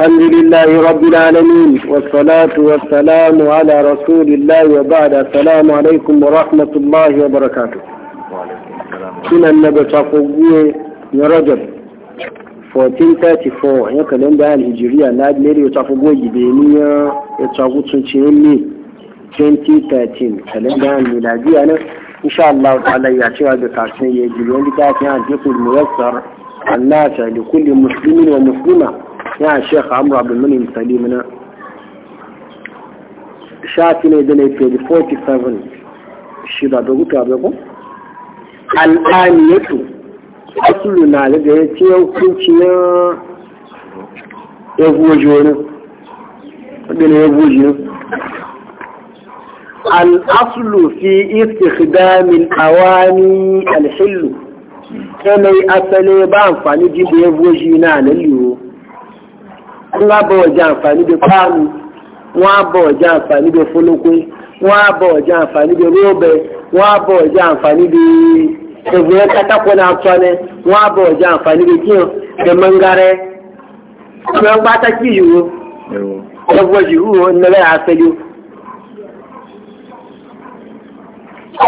الحمد لله رب العالمين والصلاة والسلام على رسول الله وبعد السلام عليكم ورحمة الله وبركاته كنا النبي تقوي يا رجل 1434 ya kalenda alhijiriya na admiri ya tafi goyi beniya ya tafi tuncin ne 2013 kalenda miladiya na insha Allah ta'ala ya cewa da kasin ya jiri wani kafin hadithul muyassar annasa li kulli muslimin wa muslima ya shekha amur abdulmuni misali muna shafi ne da page 47 shi ba da guta ba ko al'aniyatu asulu na daga ya ce hukunciyar egoji wani wadda ne egoji al'asulu fi istikdamin awani alhillu yanayi asali ba amfani jibe egoji na wọ́n á bọ̀ ọjà àǹfààní bíi páàlù wọ́n á bọ̀ ọjà àǹfààní bíi fọlọ́pẹ́ wọ́n á bọ̀ ọjà àǹfààní bíi róòbẹ̀ wọ́n á bọ̀ ọjà àǹfààní bíi ẹ̀gbọ́n katakọ́ náà tọ́ ni wọ́n á bọ̀ ọjà àǹfààní bíi kíyàn ẹ̀mọ́ngarẹ́ ọmọ ẹgbẹ́ atákì yìí wo ẹ̀gbọ́n yìí wo nílẹ̀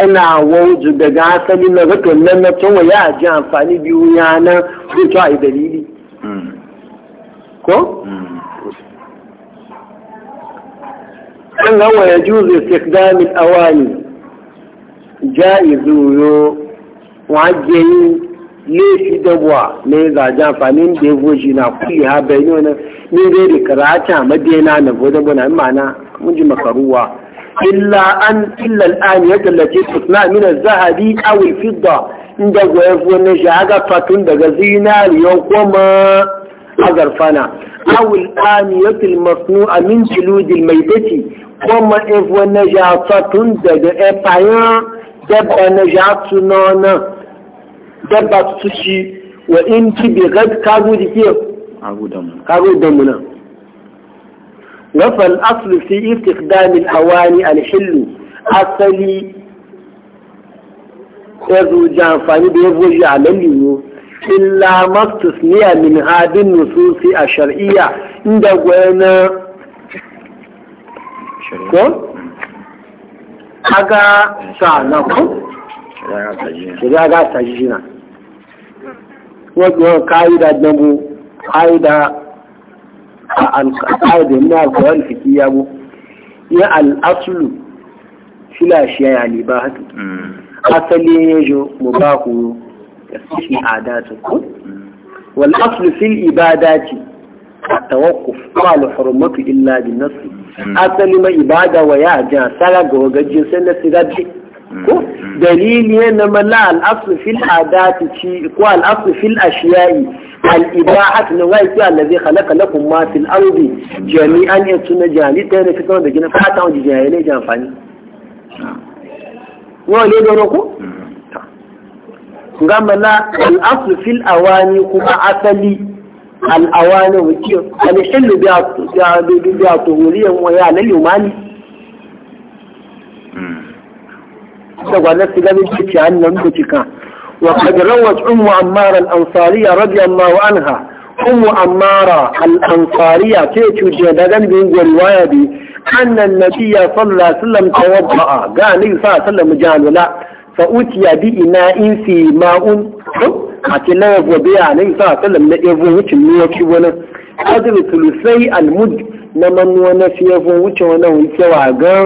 ana àwọn ojú daga asali na rikon nan na tun wa ya ji amfani biyu yana ko Allah wa ya juzu istikdamin awani ja'izu yo wajeyi lefi dabuwa ne zaje amfanin da ya goji na kuli ha bai ne ne zai da karata madina na bude buna mana mun ji makaruwa illa an illa al'an ya tallace tusna min az-zahabi aw al-fidda inda goyen ne shi aga fatun daga zinariyo kuma حذر فانا او الانية المصنوعة من جلود الميتة وما اف ونجاسة تندد ايطايا دبع نجاسة نانا دبع سشي وان تبي غد كاغو دي كيف كاغو دمنا وفى الاصل في استخدام الاواني الحل اصلي خذوا جانفاني بيفوجي على اللي هو illa niya min hadin nususi a shar'iyya inda gwena ko aga na ku shari'a ga tajina wajen ka'ida dambu ka'ida al'ada min fiki ya bu ya al'asulu filashiya ya libahatu mm. asali ya yi mu ba ku في adatu ku wal aslu fil التوقف قال حرمته إلا بالنص أسلم إبادة ويأجى سلق وقجي سنة سيغدي دليل إنما لا الأصل في العادات والأصل في الأشياء الإباحة نوايتي الذي خلق لكم ما في الأرض جميعا يتسون جهلي تاني في كون بجنة فاتا وجي جهلي جانفاني وليه دونكو gama na al'asu fil awani kuma asali al'awani wakiyo alhillu biya tuhuriyan waya hmm. na limani da gwanar su ganin ciki hannun da cika وقد روت أم عمار الأنصارية رضي الله عنها أم عمارة الأنصارية تيتو جددا بين الوايبي أن النبي صلى الله عليه وسلم توضأ قال النبي صلى الله عليه وسلم جعل لا ya bi ina in fi ma'un ake na yabo biya na isa a salam na yabo wucin miyoci wani adil tulusai almud na manuwa na fi yabo wucin wani wuce wa ga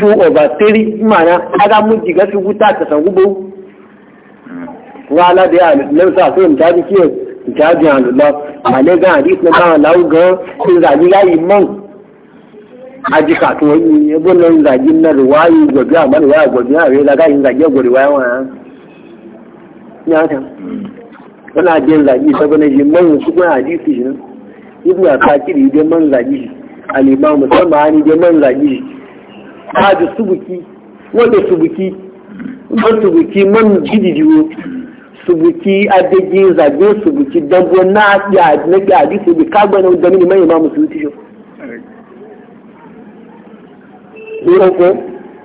2 over 3 mana aga mudi ga su wuta ta san gubo wala da ya sa isa salam ta bi kiyo ta bi ma ne ga hadis na ba lawu ga sun zaji ga man aji kato yi ne bolo zagi na riwayi gobe a mara riwayi gobe a rila ga yin zagi a gobi waya wa ya ya ta wani ajiyar zagi ta gane shi man su kuma aji su shi nan ibu a kakiri idan man zagi shi alima musamman hannu idan man zagi shi ba da subuki wanda subuki ba subuki man jididiyo subuki adagi zagi subuki dambuwa na adi subuki kagbanin gani mai imamu su yi tishin lura ko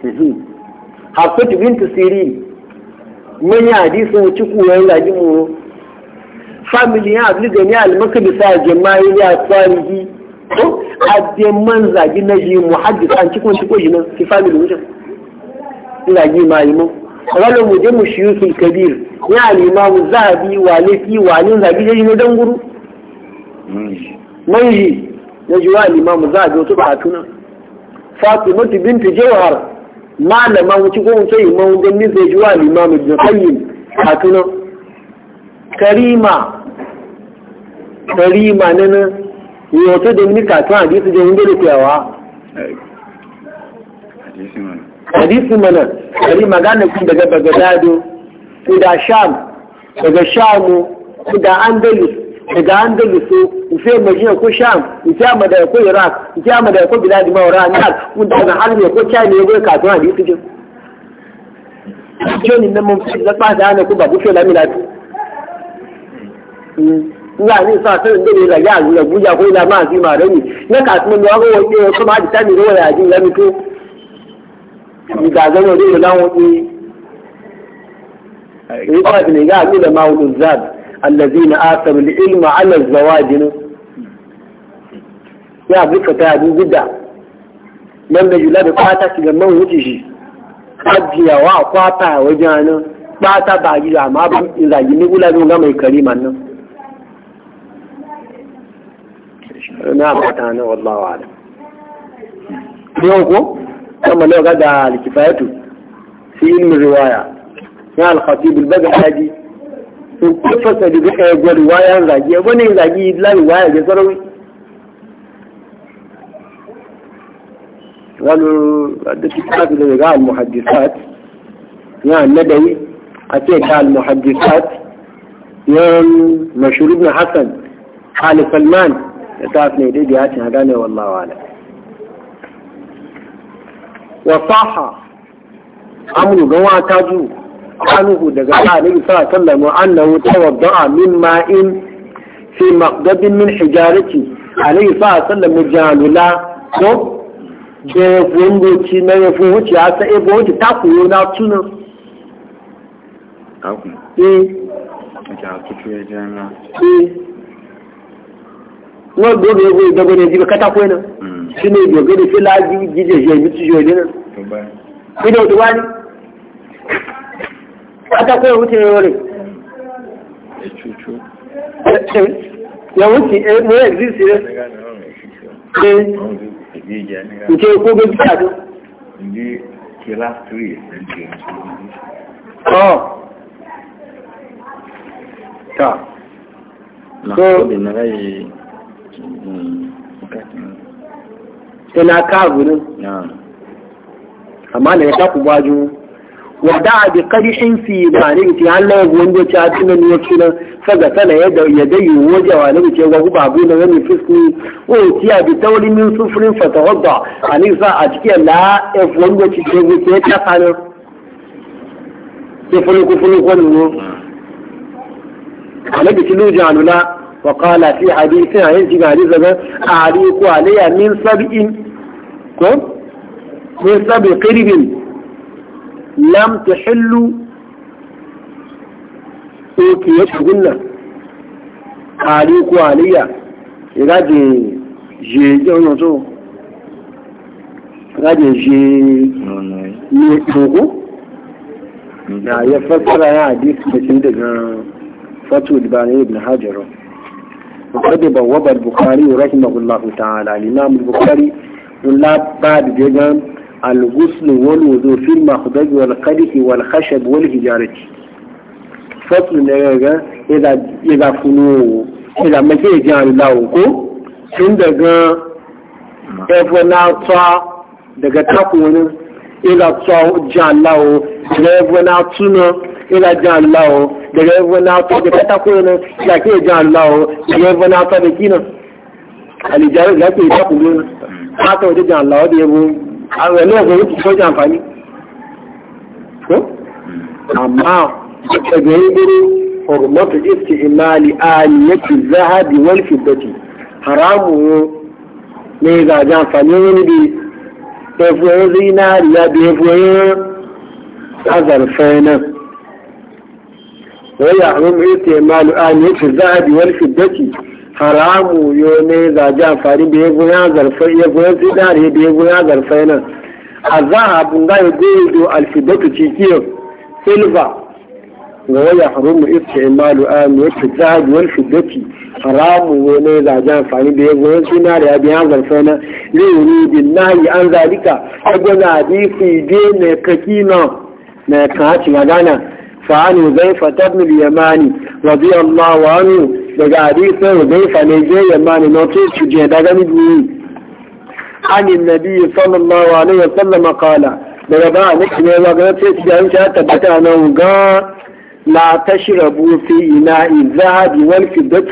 mhm. hafsatu bintu siri mun yi hadisin wuce kuwa ya zagi mu famili ya abu da ni almakabisa jama'i ya tsari a man zagi na ji muhaddis an cikin cikin ko jinan ki famili wuce wucin zagi ma yi mun wala mu je mu shiyu sul kabir ya alimamu imam bi wale fi wale zagi ya yi na danguru man yi na ji wa al-imam zahabi wato ba tunan fatimatu bintu jawhar malama wuce ko wuce imamu don nisa ji wa limamu ibn hanyar. a karima karima na nan yoto da mini katon hadisu da hindu da kyawa hadisi mana karima gane kun daga bagadado ku da sham daga shamu ku da andalus daga andalus ufe madina ko sham ufe amada ko iraq ufe amada ko biladi mawara na kun daga har ne ko china ne ko kasuwa ne su jin joni nan mun fi hmm. zakpa da ne ko babu bufe la milatu ya ni sa ta da ne la ya ya buja ko la ma ji ma dani na ne ko wani ko ma ji tani ya ji la ga zan ne da lawo ni ni ba ne ga ni da ma'udun zabi الذين آتوا العلم على الزواج يا بك تابو جدا من بجلا بقاتا كما وجهي حجيا وقاتا وجانا باتا باجي ما بن اذا يني ولا نغا ما كريم ان نعم انا والله اعلم يوكو كما لو غدا الكفايه في علم الروايه يا الخطيب البغدادي ko fasali da kai gwar waya zage wani zage lai waya da sarawi قالوا ده كتاب اللي قال المحدثات يعني الندوي أتيت قال المحدثات يوم مشهور ابن حسن قال سلمان تعرفني دي جهاتي هداني والله أعلم وصاحة عمرو جوا تاجو عنه دقاء عليه صلى والسلام عليه وسلم أنه من ماء في مقدد من حجارته عليه صلى والسلام جعل لا na ta ebo wuce na wọ́n gbọ́ owó ìdọ́gbọ́ ní ẹjí kátákó ẹ̀nà sínú ìgbọ̀gbẹ́ ní fẹ́lá jíjẹ̀ haka ko ya wuce yore ya wuce eh mu ya exist ne eh nke ko ga biya do ndi kila 3 oh ta so binarai sai na mm, kagu e ne amma da ya e taku baju wada a bi qarihin fi bani ti Allah ya wanda ta tuna ne yake nan saga sana ya da ya dayi waje wa ne ce ga guba bu nan ne fiski o a bi taurin min sufurin fata hudda a nisa a cikin la e wanda ci ce ke ta kana ke fulu ku fulu ko a alabi ci luja nuna wa kala fi hadithin ayin ci ga hadisi ga ari ko alayya min sabi'in ko min sab'i lam tuhillu ukiyatuhunna ari ko aliya iraje je je ono to iraje je ni togo da ya fassara ya hadisi da shi daga fatu libani ibn hajar وقد بوب البخاري رحمه الله تعالى الإمام البخاري لا بعد جدا الغسل والوضوء في المخضج والقدح والخشب والحجارة فصل نجا إذا إذا فنو إذا ما كي جان لاوكو عندما إفنا تصا دقا تقونا إذا تصا جان لاو إذا إفنا تصنا إذا جان لاو إذا إفنا تصا دقا تقونا إذا كي جان لاو إذا إفنا تصا بكينا الإجارة لا كي تقونا حتى وجد جان لاو دي àwẹ̀ náà kò tí sọ́jà àǹfààní àmà ẹgbẹ̀rún gbóró ọ̀rọ̀ mọ́tò ìsì ìmáàlì àníyàtì záhàbì wọ́n fi bẹ̀tì haramu wọn ní ìgbàjá àǹfààní wọn níbi ẹfún ẹyẹ zínárì àbí ẹfún ẹyẹ azàrfẹ́ náà wọ́n yà àwọn ìsì ìmáàlì àníyàtì záhàbì wọ́n fi bẹ̀tì haramu yo ne za ji amfani da ya goya zarfa ya goya zinari da ya goya zarfa yana a za a bunga ya goya do alfidatu cikiyo silva ga waya haramu iska imalu amu ya fi zahabi wani fidati haramu yo ne za ji amfani da ya goya zinari ya biya zarfa yana zai yi bin nahi an zalika a gwana fi de mai kaki nan mai kaci magana فعن وزيفة ابن اليماني رضي الله عنه لقاريسة وزيفة نجي يماني نطيس شجي دغن ابني عن النبي صلى الله عليه وسلم قال لقد نحن وغنطيس جانشا تبتانا وقا لا تشربوا في إناء الزهد والفدة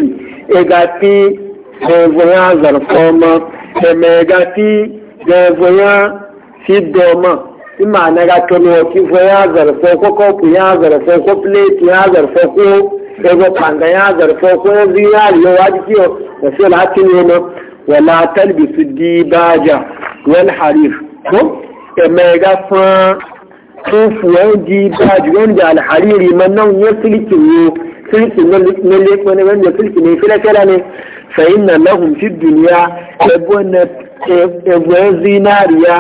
إغاتي هنزيا زرفوما إغاتي هنزيا سيدوما ima na ga kano kifo ya zarfo ko kofi ya zarfo ko plate ya zarfo ko ego panga ya zarfo ko zinari ya waji kiyo da sai na hakin yana wala talbisu dibaja wal harif ko e me ga fan kufu yan dibaji wanda hariri man nan ya silkin yo filki na leko ne wanda filki ne filafela ne fa'in na lahun fi duniya ebuwan zinariya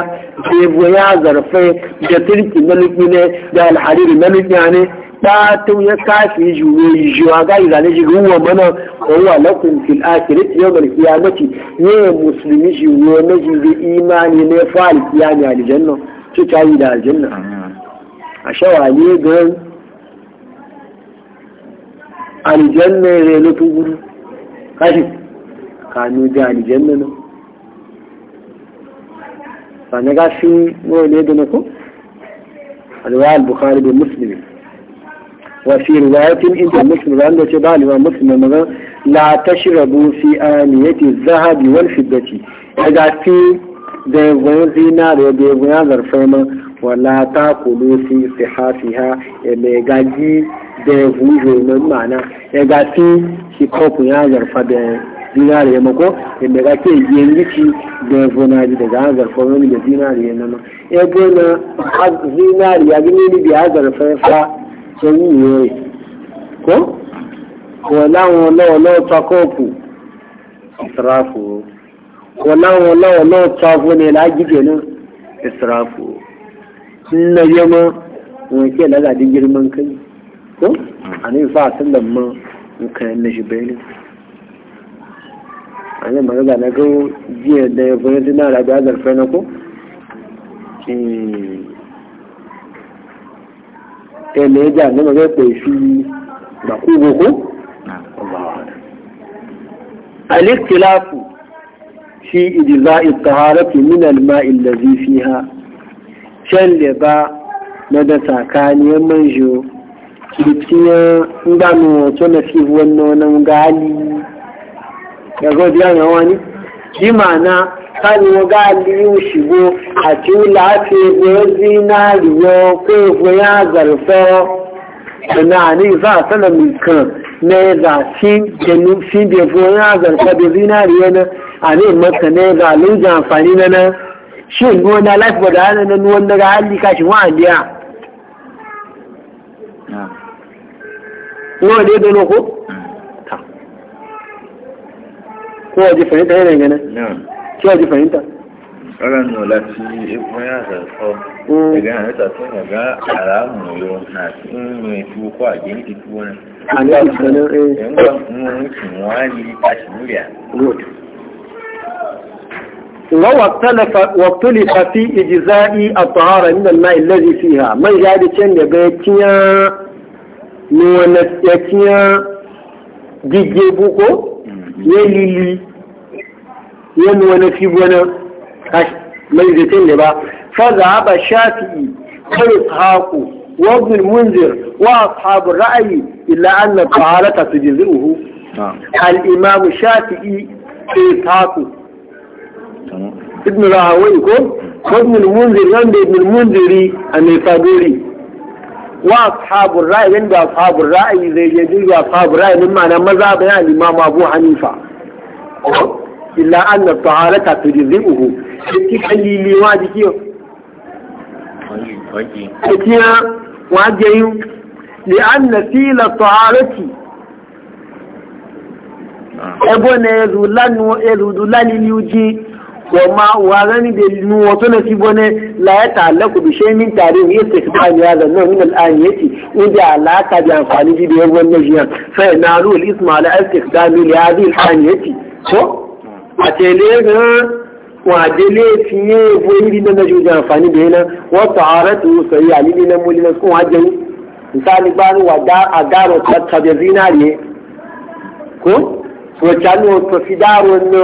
ebuwan zarfe da filki na lukmi ne da alhariri na lukmi ne ɗatun ya kafi juwe juwa ga izane ji ruwa mana kowa lakun fil akirit yau mai kiyamati ne musulmi juwe na jibi imani ne fa alkiyami aljanna ci ta yi da aljanna a shawali don aljanna ya na tuguru kashi kanu da aljanna nan ba na gashi nawa ne da na ku alwa al-bukhari da muslim wa fi riwayatin inda muslim wanda ce ba alwa muslim maga la tashrabu fi aniyati zahabi wal fiddati daga fi da goyi zina da yawan zarfai ma wala ta kulu fi sihafiha mai gaji da ya huzo na ma'ana ya gafi shi kofin ya zarfa da zinari ya mako inda ga ke yin yiki da ya zona ji daga an zarfa wani da zinari ya nama ya gona zinari ya gini ni biya zarfa ya fa sun yi yoyi ko wala wala wala ta kofu israfu wala wala wala ta fune la gije nan israfu sun na yamma wani ke lagadin girman kai ko mm. ani sa sallan ma in na shi bayani ani ne ga na gawo jiya da ya fara da fa na ko eh ne ga ko shi ba ku go ko الاختلاف في إجزاء الطهارة من الماء الذي فيها شلبا مدى ساكانيا منجو nga ngano to na fi wannan nan gali ya go biya na wani bi ma'ana kani gali u shigo a ti lafi go zinari yo ko go ya zarfo na ni za fa sana mi kan ne za shi genu shi bi go ya zarfo da zinari na a ne maka ne za lu amfani na na shin gona lafi da hannun wannan gali kashi wa'adiya wọ́n dé da ko ta ko waje fahimta yana gane ki waje fahimta ƙarar nola ti ikon ẹgbẹ́ zarfo daga yana ta tun daga alamun yau na tun mai tuwo ko a gini ti tuwo ne an eh. ga sanar eh yan ga mun kin wani a shimuriya good واختلف واختلف في اجزاء الطهاره من الماء الذي فيها من جاد كان يبقى ni wọn ẹtí hàn gbígbé búkó yẹ lili yẹ ni wọn fi mai zaitun ne ba faza ba shafi'i kare haku wa ibn munzir wa ashabu ra'ayi illa anna taharata tujzi'uhu ah. al imam shafi'i kare haku ibn rahawai ko mm. ibn munzir wanda ibn munziri a mai wa ashabur ra'i inda da ashabur ra'ayi zai je duk da ashabur ra'i min ma'ana maza bayan al-imam Abu Hanifa illa anna ta'alata tujzi'uhu shi kalili wa jiki Akiya wa jayu li anna sila ta'alati ah. ebo ne ezulanu ezulani liuji وما وغني بالنوطنة بنا لا يتعلق بشيء من تاريخ يستخدم هذا النوع من الآنية ودي علاقة بأنفاني جديد والنجيان فينالوا الإسم على استخدام لهذه الآنية أتليها وعدلي فيه ويري من نجوز أنفاني بهنا وطعارته سيئة لنا مولنا سكون عجل misali gbani wa adaro tattabe zinariye ko so canu to fidaro no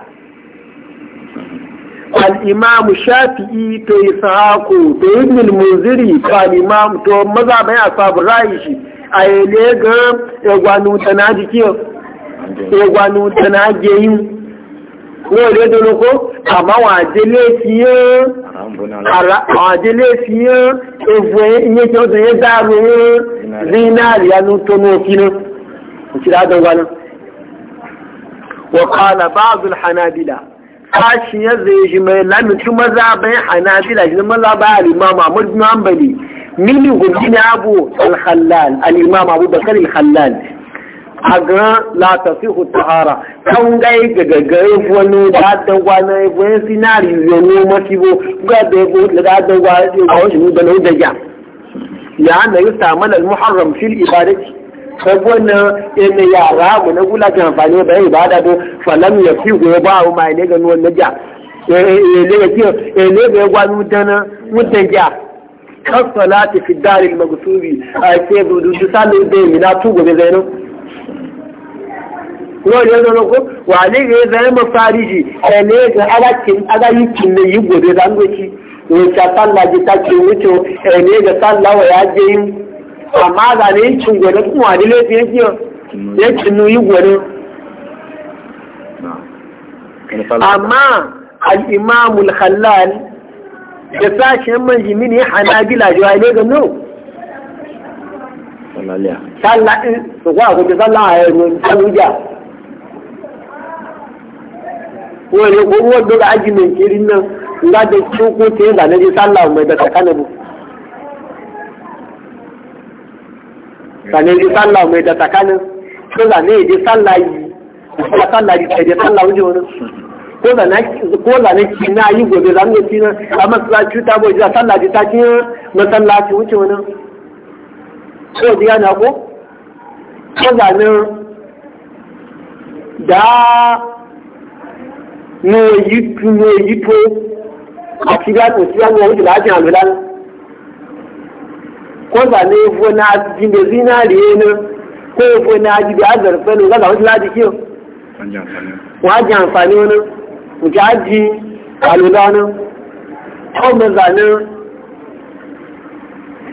al'imam shafi'i to yi sahako to yi munziri al'imam to maza bai a sabu ra'ayi shi a yi lega egwanu ta na jiki egwanu ta na geyin wọ́n ilé doloko àmá wọ́n àjẹ́lé fi yán ewu iye tí ó tún yé dáàrù rínàrí anú tó ní òfinú hanabila kashi ya zai shi mai lamitu maza bai hana bila shi maza ba al-imam Ahmad bin Hanbali mini hujjini abu al-Khallal al-imam Abu Bakar al-Khallal a ga la tasihu tahara kan gai ga gagare wani da da wani wani sinari yono masibo ga da go da da wani da wani da ya na yusa mana al-muharram fil ibadati sabon nan ina yara mu na gula kan amfani da ibada do falam ya fi go ba mu mai ne ga nuwan naja eh ne ga e, ki eh ne ga gwa mu dana mutan ja kan salati fi dar al magsubi a ke du du salu be mi na tu go be zaino wọ́n yẹ́ lọ́nà kó wà ní ìrẹ́zẹ́ mọ́ fàáríjì ẹ̀lẹ́gẹ̀ aláyìkì ní yìí gbòdó dáńgbé kí ìrìnṣà sálà jẹ́ tàkì òwúcho ẹ̀lẹ́gẹ̀ sálà wọ̀ yá jẹ́ yìí amma za ne yin gwanin kuma wani laifin yake ya cinu yi gwanin amma al'imamul halal da sashen ya hana gila jiwa ne ga no eh, su kwa kuɗi sallaya ya yi saluja wani kuma wadda ajimin kirin nan da cikin kuta yin ji sallah mai da sàní ìdí sálà ọmọ ẹ̀dà tàkánà tó sàní ìdí sálà yìí ìfúnra sálà yìí ẹ̀dẹ̀ sálà oúnjẹ wọn ko zane ki na yi gobe zane mu yi na a masallaci ta bai jira sallah ji ta kiyan masallaci wuce wani so ji yana ko ko zane da ne yi to a cikin asibiyan wuce da ajiyar ko zane ko na jinde zinariye ne ko ko na ji da azarfa ne gaza wasu laji kiyo wa ji amfani wani mutu aji alula ne ko mu zane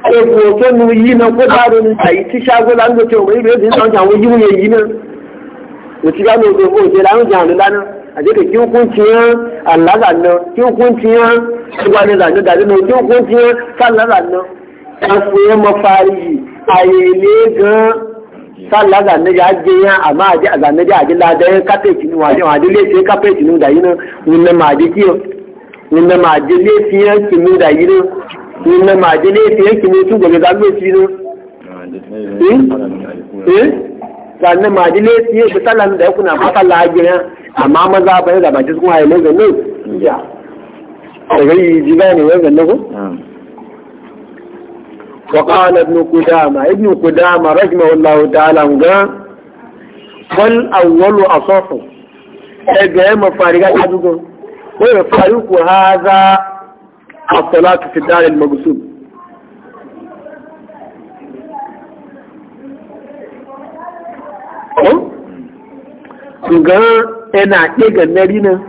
ko ko ko mu yi na ko ba da ni ayi ti shago lan go to mai be san jan wuji mu yi ne mutu ga no go ko je lan jan alula ne a je ka ki hukunci Allah zanno ki hukunci ya ko ne zanno da ne ki hukunci sallah zanno ɗanfuye mafari a yele gan sallah zanaji ajiye yan amma a ji a zanaji a ji ladayen kafeci ne wajen wajen laifin kafeci ne da yi nan wunan ma ji kiyo wunan ma ji laifin yanki ne da yi nan wunan ma ji laifin yanki ne tun gobe zagbe shi ne sannan fi sallan da ya kuna mata lagirin amma maza bayan da bakin sun haile ga nan ya daga yi ji gane wani ganin ku وقال ابن قدامة ابن قدامة رحمه الله تعالى قال أول أصح إجهام فارغة عدوكم ويفارق هذا الصلاة في الدار المقصود قال أنا أتيجا نبينا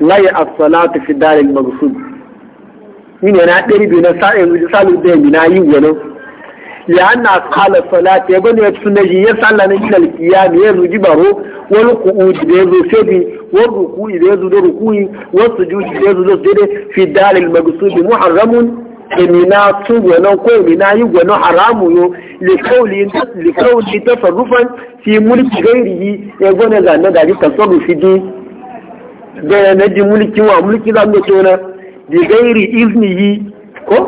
لا الصلاة في الدار المقصود ne na ɗari biyu na sa'in eh, salu da yi na yi wani ya na kala salata ya bane su na ya salla na ilal kiyami ya zuji baro wani ku'u da ya zo sebi wani ruku'i da ya zo da ruku'i wani juji da ya zo da su sujudi fi dalil magsubi muharramun emina tun gwanon ko emina yi gwanon haramu yo likauli ta sarrufan fi mulki gairi yi ya gwanon zane da ji tasarrufi di da yanaji mulki wa mulki zan da tona di gairi iznihi ko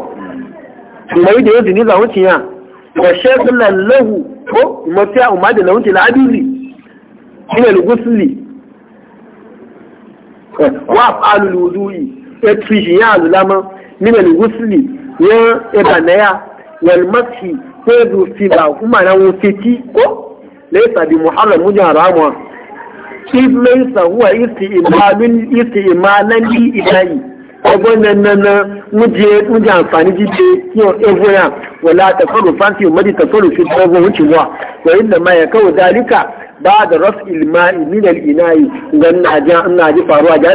mai da yanzu ni zawuci ya wa shaghlan lahu ko mafiya umma da lawunci al'abizi ina al-ghusli wa afalu al-wudu'i etri ya alama min al-ghusli ya ibanaya wal mashi ko du fiba kuma na wufiti ko laysa bi muharram mujarrama isti ليس isti استئمال استئمالا لإلهي ẹgbẹ́ nẹ́nẹ́nẹ́ ń jẹ àǹfààní jíjẹ yíò ewu yà wọ̀lá tẹ̀fọ́lù fáńtì òmọ́dì tẹ̀fọ́lù fi tọ́gbọ́ ń ti wà wẹ̀yìn lè máa yẹ̀kọ́ òdálíkà bá da ras ilma ilmina inayi gan na ji ina ji faruwa ja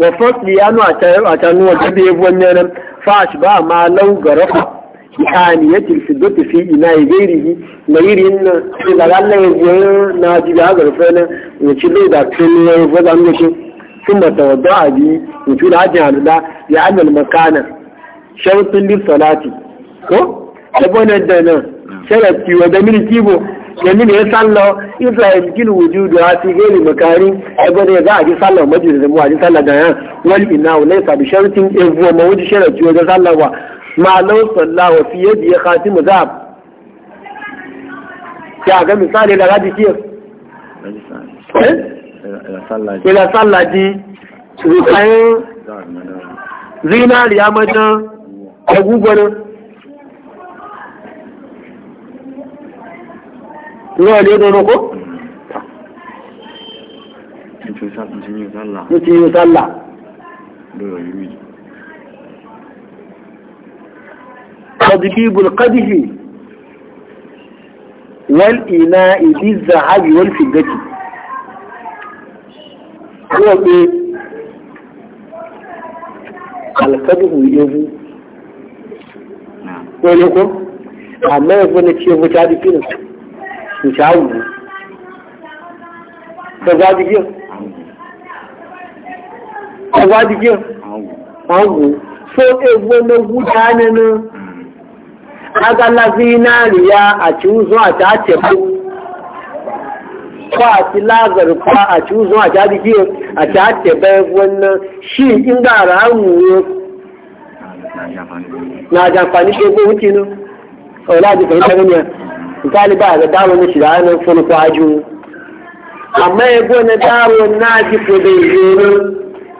wa fasli ya nu a ta nuwa ta da yabuwan nan fash ba ma lau ga rafa ihaniyati fi inayi gairihi na irin na da Allah na ji da ga rufe nan ya ci da kini ya rufe da ثم توضع به a العجل هذا لأن المكان شرط للصلاة كو أبونا الدنا شرط ودمين كيبو domin ya sallo ibrahim gil wujudu ha fi gairi makari ebe ne za a ji sallo majlis da mu a ji sallo da yan wal ina wa laysa bi shartin evuwa ma wuji sharati wajen sallo ma law salla wa fi yadi ya khatimu za ya ga misali da radi kiyar ila sallaji tsukayen zinariya matan agugwani ruwa ne da roko? mutum yi sallah تضريب القدح والإناء بالذهب والفضة kuma pé alkadin yanzu ne ko amma ya fi ce mu ta su ta wu ka za ka za so eh, hmm. agala a cikin zuwa ta kwa a ci lazar ko a ci uzun a ci haɗi a ci haɗe bayan wannan shi in ga ramu na da amfani ko ko wuce no wala ji fahimta gani ya misali ba ga na shi fulu amma ya na na ji ko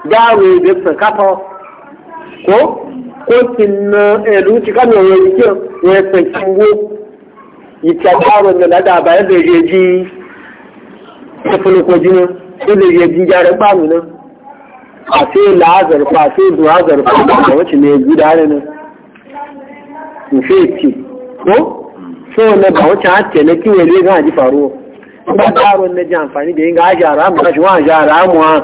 da yi ne kafa ko ko na eh, kan yi ya san kingo yi ta na da ji tafilokoji nan sai da ya jin gyaran bamu nan a sai la'azar fa sai zuwa zarfa da wacce ne guda ne nan mufe ce ko so na ba wacce hatta na kiwo ne ga ji faruwa ba daron na ji amfani da yin ga ajara mu kashi wa ajara mu ha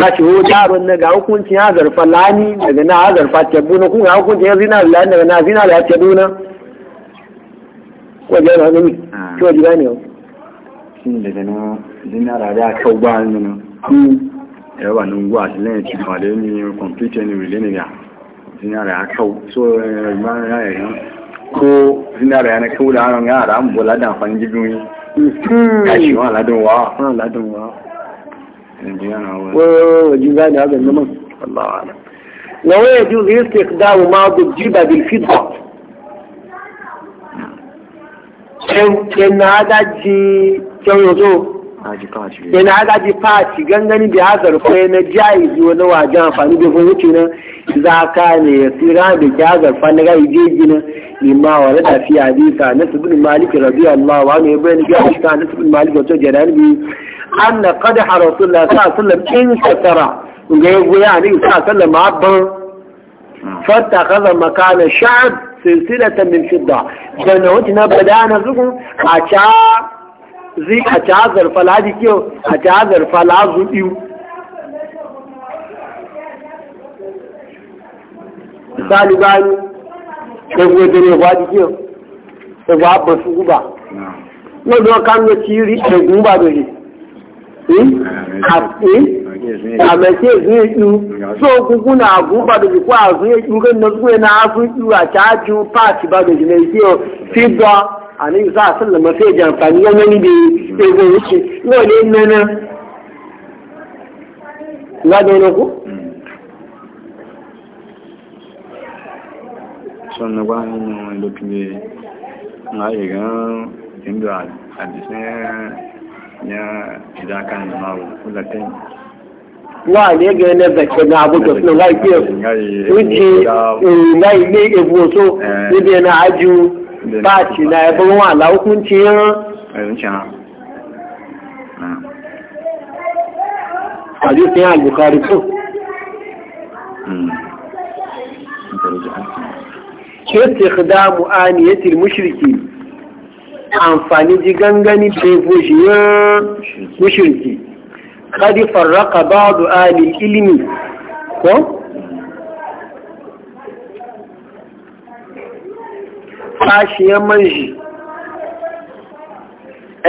kashi ho daron na ga hukuncin ya zarfa lani daga na ya zarfa tabbu na ga hukuncin ya zina lani daga na zina ya tabbu na ko jana ne ko jira ne sínú dẹ̀dẹ̀ náà dínàrà rẹ̀ àkọgbà nínú kú ẹ̀rọ wà ní gbọ́ àtìlẹ́yìn tí pàdé ní kọ̀mpútà ní rìlé nìyà dínàrà àkọ́ so ìgbàrá ẹ̀yán kó dínàrà ẹ̀yán kó láàrín ọ̀gá àrà ń bọ̀ ládà àǹfààní jígbìn yìí hmm. káṣí wọn aládùn wá wọn aládùn wá nàìjíríà náà wọ́n. wọ́n jí báyìí àgbẹ̀ mọ́mọ́. lọ́wọ́ ẹ̀jú rí ìsèkúdáwò máa gbọ́ jíbà bí fídọ̀ ẹ̀ńkẹ́ hmm. náà dájí kyau yanzu yana haka ji fati gangani da hazar ko na jayi zuwa na wajen amfani da kuma wuce nan za ka ne ya tsira da ke hazar fa na ga ije gina lima wa rada fi hadisa na subin malik rabi allah wa ne bayan ga shi ka na subin malik wato jaran bi anna qad rasulullah sallallahu alaihi wasallam in satara ga ya goya ne sallallahu alaihi wasallam abban fatta kaza makana sha'ab silsilatan min shidda dan wata na badana zukun a cha zai a ci azarfa laji kyau a ci azarfa lazu biyu misali bani ɗan gwada ne ba ji kyau da ba ba su guba ne don kan da ciri da guba da shi eh, hmm? eh, eh, a mai ke zuwa ƙiwu so gugu na guba da jikuwa zuwa ƙiwu kan na zuwa na zuwa ƙiwu a cajin fati ba da shi mai kyau fi ba àníbi sáà sílẹ̀ mọ́ sí èjà àǹfààní yọ́mọ́ níbi egbò oṣù náà lè nana ládùn ọ̀nà kú. sọ́nà wá nínú ìlókìlẹ̀ láàyè gan ìdíńdò àdìsẹ́ ya ìdáka ní máa wò fún latin. wọ́n àlẹ́ gẹ̀ẹ́ lẹ́bẹ̀ kẹ̀lẹ́ àbújọ fún un láìpẹ́ ó di ìrìnlá ilé egbò oṣù níbi ẹ̀nà ba ci na ya bin wa lahukuncin hadisin al-bukhari ko hmm. istikdamu aniyatil mushriki amfani ji gangani tefoshiyan mushriki kadi farraka ba'du ahli ilmi ko fáṣe mọ́jì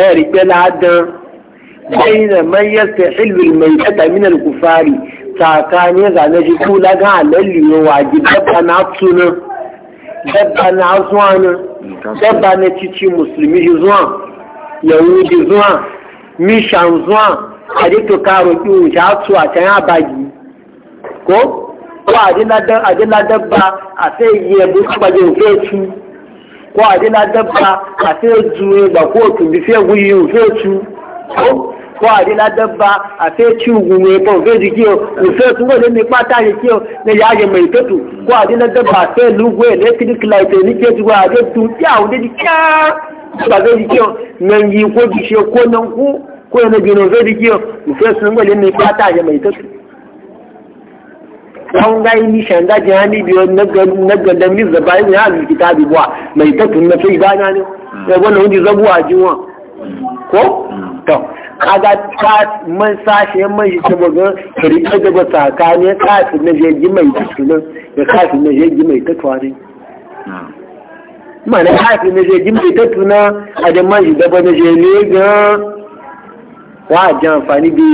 ẹ̀rí pé ládán lẹ́yìn rẹ̀ máa yẹ́sẹ̀ ìlúmọ̀ ìtẹ́tàmínà kò fárí tààkà ní ìrànlẹ́jì kú lágán àlẹ́lì yóò wà jí dẹ́bà náà túnú dẹ́bà náà zúwánú dẹ́bà náà títí mùsùlùmí yìí zúwán yẹ̀wò yìí zúwán míṣàn zúwán àdètòkà rògbì òjá tù àtẹ̀yìn àbáyé kó wọ́n àdéládẹ́bà àfẹ́ yẹ̀ bó tó gbàgbé òfé tún. ko adila dabba a sai juye ba ko tumbi sai guyu sai cu ko adila dabba a sai ci gume ko sai jiki o sai tun ko ne pata jiki o ne ya yaje mai tetu ko adila dabba sai lugu electric light ni ke ju a je tu ya o de ka ba de jiki o nan yi ko bishe ko nan ku ko ne bino sai jiki o sai tun ko ne pata je mai tetu kan ga yi nishan da jihani biyo na gadam ni zaba yi ya zuki ta bibuwa mai tattun na sai gana ne ya gwada hundi zabuwa jiwa ko to kaga ta man sashe man shi ta buga rike daga tsakanin kafin na jirgi mai tattunan da kafin na jirgi mai tattuwa ne mana kafin na jirgi mai tattuna a da man shi daba na jirgi ga wa amfani bi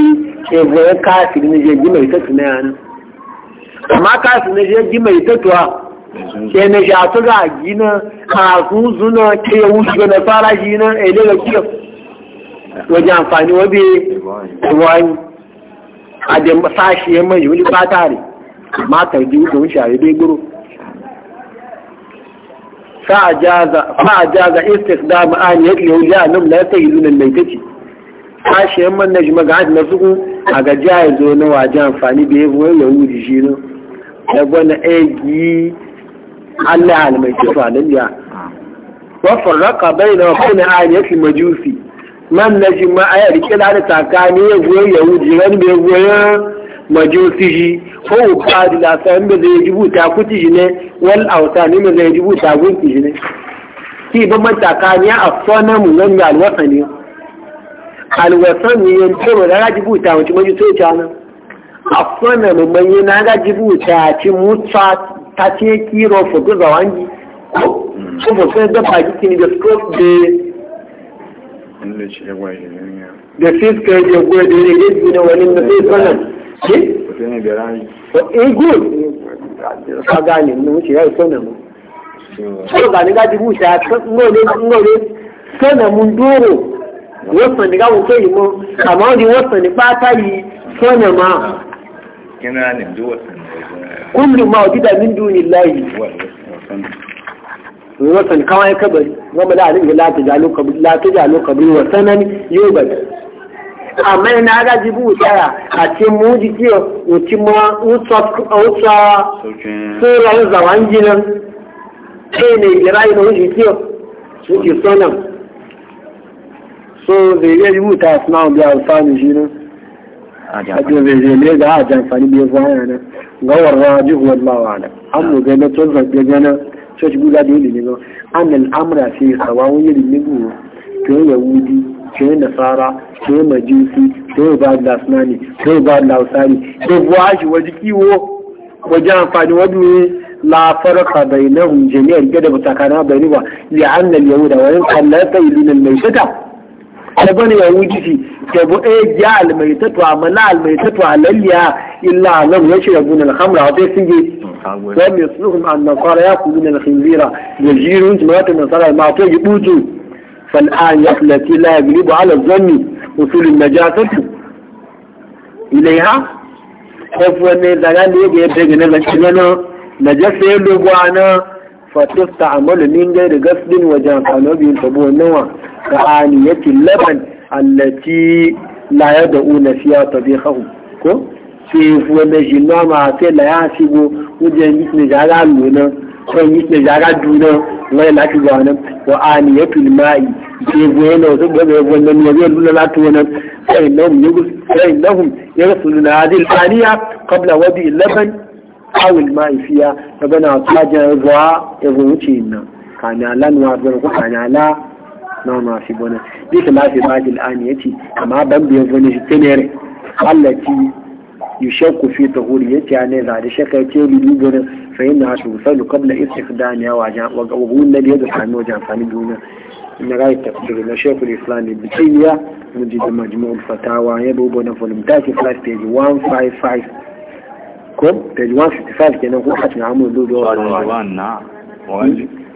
ke voye kafin na jirgi mai tattuna yana amma ka su na jirgi mai tattuwa ke na su ga gina a su suna ke ya wuce ga nasara gina a ile da kiyar wajen amfani wabe wani a da sashi ya mai wani fata ne amma tarbi wuce wani share bai guru a ja فأجاز استخدام آنية لهجانم لا يتهلون الميتة sashen man na shi magaji na suku a ga jaye zo na wajen amfani da yawon yahudi shi nan ẹgbọ́nà ẹgbì alẹ́ alìmọ̀tí fàdíyà wọ́n fọ̀rọ̀kà bẹ́yìn náà fún ní àyè fi mọ̀júùsì man na shi ma ayar kila da tsakani ya goye yahudi wani bai goye majusi shi ko ba da lasarin da zai jibu ta kuti shi ne wal auta ne mai zai jibu ta gunki shi ne ki ba man tsakani a fona mu afwana mu manye na ga jibuta ci mutsa ta ce kiro fudu da wangi ko ba sai da faji kini da scope de da fiska ya gwe da ne gaji na wani na sai sanan ke? eh good ka gane mu wuce ya yi sanan mu ko ga ni ga jibuta ta ngole ngole sanan mun doro wasan ni ga wuce yi mu amma ni wasan ni ba ta yi sanan ma kinanin duk wasan kullum ma wajida min duni lahi wasan kawai kabari gaba da alin la ta jalo kabri la ta jalo kabri wa sanan yoba amma ina ga jibu tsaya a ce mu ji ce uci ma utsa utsa sura zawan sai ne girai da wuce ce su ke sanan so zai yi rubuta asma'u bi alfani jinan hajjin zai zai ne ga hajjin fani biyu zuwa yana gawar raji huwa lawa na an mu gani tun zaɓe gana coci guda da yi ne an al'amura fi sawawun yi limibu to yi yahudi to yi nasara to yi majusi to yi ba'ad lasnani to yi ba'ad lausari to buwa shi waje kiwo waje amfani wajen la farqa bainahum jami'an gada batakana bainahu li al-yahuda wa in qallata ilina al-maytata albani ya wuce shi da bu e ja almaitatu amala almaitatu alalliya illa annahum yashrabuna alhamra wa tasinge wa yasluhum an nasara yakuluna alkhinzira yajirun tumatu nasara ma to yibutu fal an yaflati la yaglibu ala dhanni usul alnajasatu ilayha kofu ne daga ne ga yadda ga nan cikin najasa ya lugwana fa tasta'malu min ghairi ghasbin wa jan kanobi tabu nawa كآنية اللبن التي لا يدعون فيها طبيخهم كو سيف ونجينا ما في لا يحسبوا وجن نجارا لنا كان نجارا دونا ولا تجوانا وآنية الماء سيف ونجينا وجن نجارا لنا تونا فإنهم يغسلون هذه الآنية قبل وضع اللبن أو الماء فيها فبنا أصحاب جنزوا يغوشينا كان على نوع كان على na ma fi bona bi khilafi ma dil an yace amma ban biyan gani shi tenere allati yushakku fi tahuriyati ne za da shaka yace bidu gani fa inna tusalu qabla istikhdamiha wa ja wa gabun nabi da sami wajen amfani duniya na rai tafsir na shekul islam ibn taymiya mujid majmu' fatawa ya bubu na volume 35 page 155 ko page 155 kenan ko a cikin amur dudu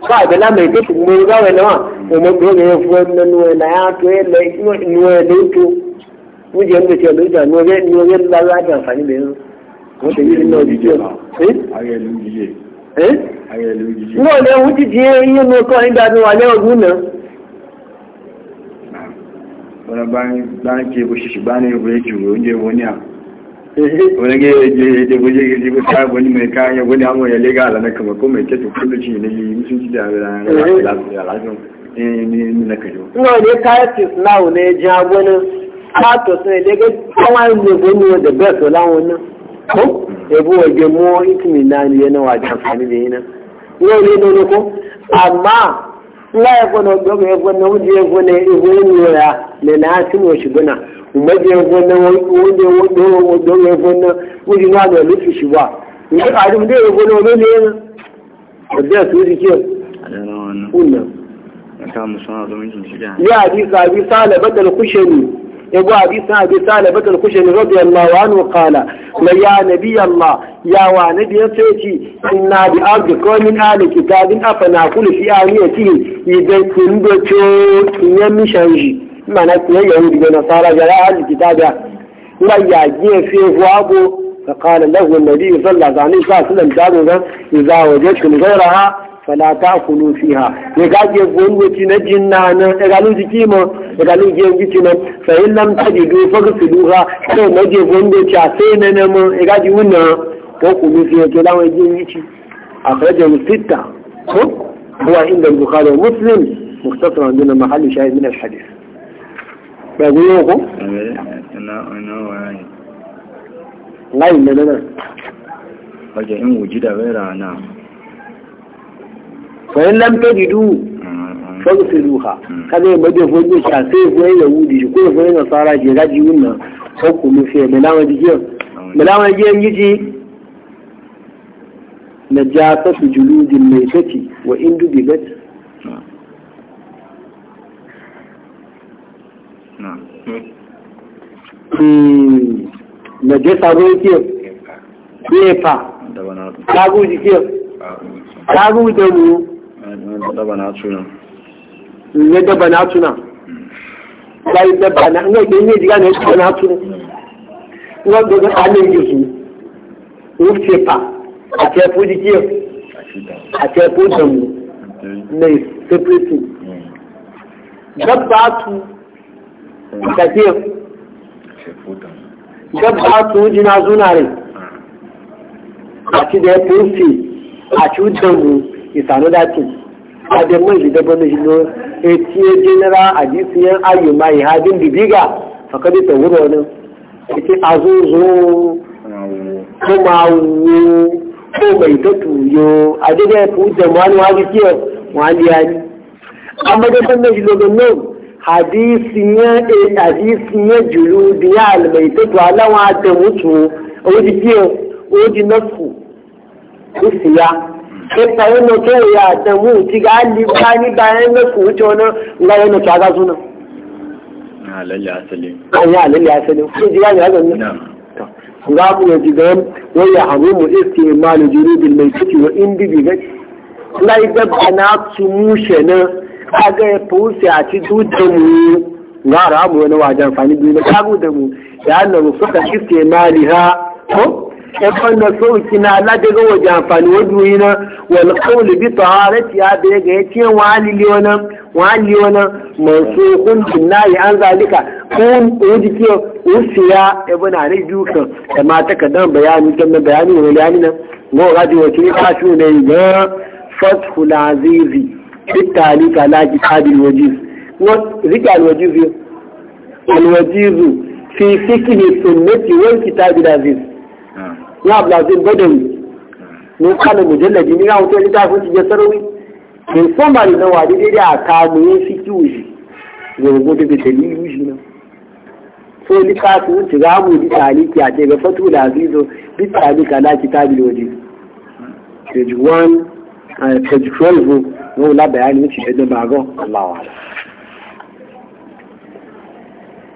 ba ga la mai tafi mu ga wani wa to mu ga ya fu wannan nuwa na ya to ya lai nuwa ya dai to mu je mu ce dai da nuwa ya nuwa ya la la da fani da yanzu ko da yin nuwa ji eh ayi lu ji eh ayi lu ji nuwa ne wuji je yin nuwa ko inda nuwa ne wa guna wala ban ban ke ko shi bane ko yake ko inda wani a wani ga yaje da guje ga jibu ta wani mai kayan wani amma ya lega ala na kama ko mai kyau kullu ci ne yi sun ci da lafiya ni na kajo no ne kayan tislau ne ja wani ato sai lega kawan ne gani da bai so lan ko e bi waje mo itimi na ni yana wa da fani ne yana no ne no ko amma la ya kono ya kono wuje ya kono e bo ya ne na timo shi guna ìmẹ́jẹ ẹ̀fọ́ náà oúnjẹ ọdọ́rọ̀ ẹ̀fọ́ náà wọ́n ti náà lọ fi ṣùgbà ní àdúgbò ẹ̀fọ́ náà ló lé ẹ̀rọ ọ̀dẹ́ tó ti kí ẹ̀ ọ̀nà ya hadisa abi sala batal kushani batal kushani na ya nabi allah ya wa nabi ci bi idan kun shi معنى يهود ونصارى جراء الكتاب لا يعجي فيه فوابه فقال له النبي صلى الله عليه وسلم إذا وجدتم غيرها فلا تأكلوا فيها يقال يقول فإن لم تجدوا فاغسلوها فإن يقول وتنا نما يقال فيها جلا الستة هو عند البخاري ومسلم مختصرا دون محل شاهد من الحديث pẹ̀lú yóò kó láì lẹ́lẹ́ náà ọjọ́ ìwò jídà rẹ̀rà náà fẹ̀yìn lámtọ́ dìdú mm-hmm. fọ́gbẹ̀sẹ̀lú ha mm-hmm. kájẹ́ ìgbẹ́jẹ́ fún ẹgbẹ́ ṣàṣẹ́ ìfún ẹ̀yẹ̀ wù dìjú kó ìfún ẹ̀yẹ̀ sára jẹ́ láti wù náà ọkùn mi fi ẹ̀mẹ̀ láwọn jíjẹ́ mẹ̀láwọn jẹ́ yíjí nàìjíríà sọ́tù jùlú di mẹ́tẹ́tì wọ indu bìbẹ́tì najasa ruwan kiyar kefa kagu jikiyar kagu da mu ne daba na tuna bai daba na nga ke ne diga ne daba na tuna nga do ga ane jisu ufce pa a te fu a te fu da mu ne separating kafir dabba su jina rai a ci da ya fi a ci mu isanu datin a da mun shi dabba na shino a tiye jinira a jisiyan ayu mai hadin bibiga fakadi ta wuri wani a ce a zuzo kuma wu ko mai ta tuyo a jida ya fi wuce wani wani kiyo wani yani amma dabba na shino da nan hadisi ya e hadisi ya juludi ya almaitatu ala wa ta mutu oji kiyo oji nasu kusiya kẹta yẹn nọ tó yà àtẹmú tí ká lè bá nígbà yẹn lẹkùn tí ọ̀nà ńlá yẹn nọ tó aga súnà. àlẹ́lẹ́ àṣẹlẹ̀. àyà àlẹ́lẹ́ àṣẹlẹ̀ fún ìdíyà yẹn àgbẹ̀ náà. nga mu yẹn ti bẹ́ẹ̀ wọ́n yà àwọn ọmọ èsì ìmáàlú jùlọ ìdìlẹ̀ ìtìtì wọ́n ń bíbí bẹ́ẹ̀. ńlá ibẹ̀ bá náà tún mú ṣẹ̀ náà. kaga ya fusi a ci mu na haramu wani wajen amfani biyu na kagu da mu ya mu suka kiske mali ha ko ɗan da sauki na ladaga wajen amfani wadu yi na wani kawuli bi taharati ya da ya ga ya ce wani liyonan wani liyonan masu kundin na yi an zalika kun wuji ke ya ebe na rai biyu kan da mata ka dan bayani kan na bayani wani bayani nan ga wajen wace ya kashi ne ga fathul azizi بالتعليق على جهاد الوجيز ذكر الوجيز الوجيز في فكه السنة والكتاب العزيز يا عبد العزيز بدوي mun kana mujallaji ni ga hoto da kun ji sarawi in somali na wadi dai da ka mu yin fiki wuji ne go da dalili wuji na so ni ka su ci ga mu di taliki a ce ga fatul azizo bi talika na kitabil wajib page 1 Eh, page 12 wọn la bayani wuce da bagon Allah wa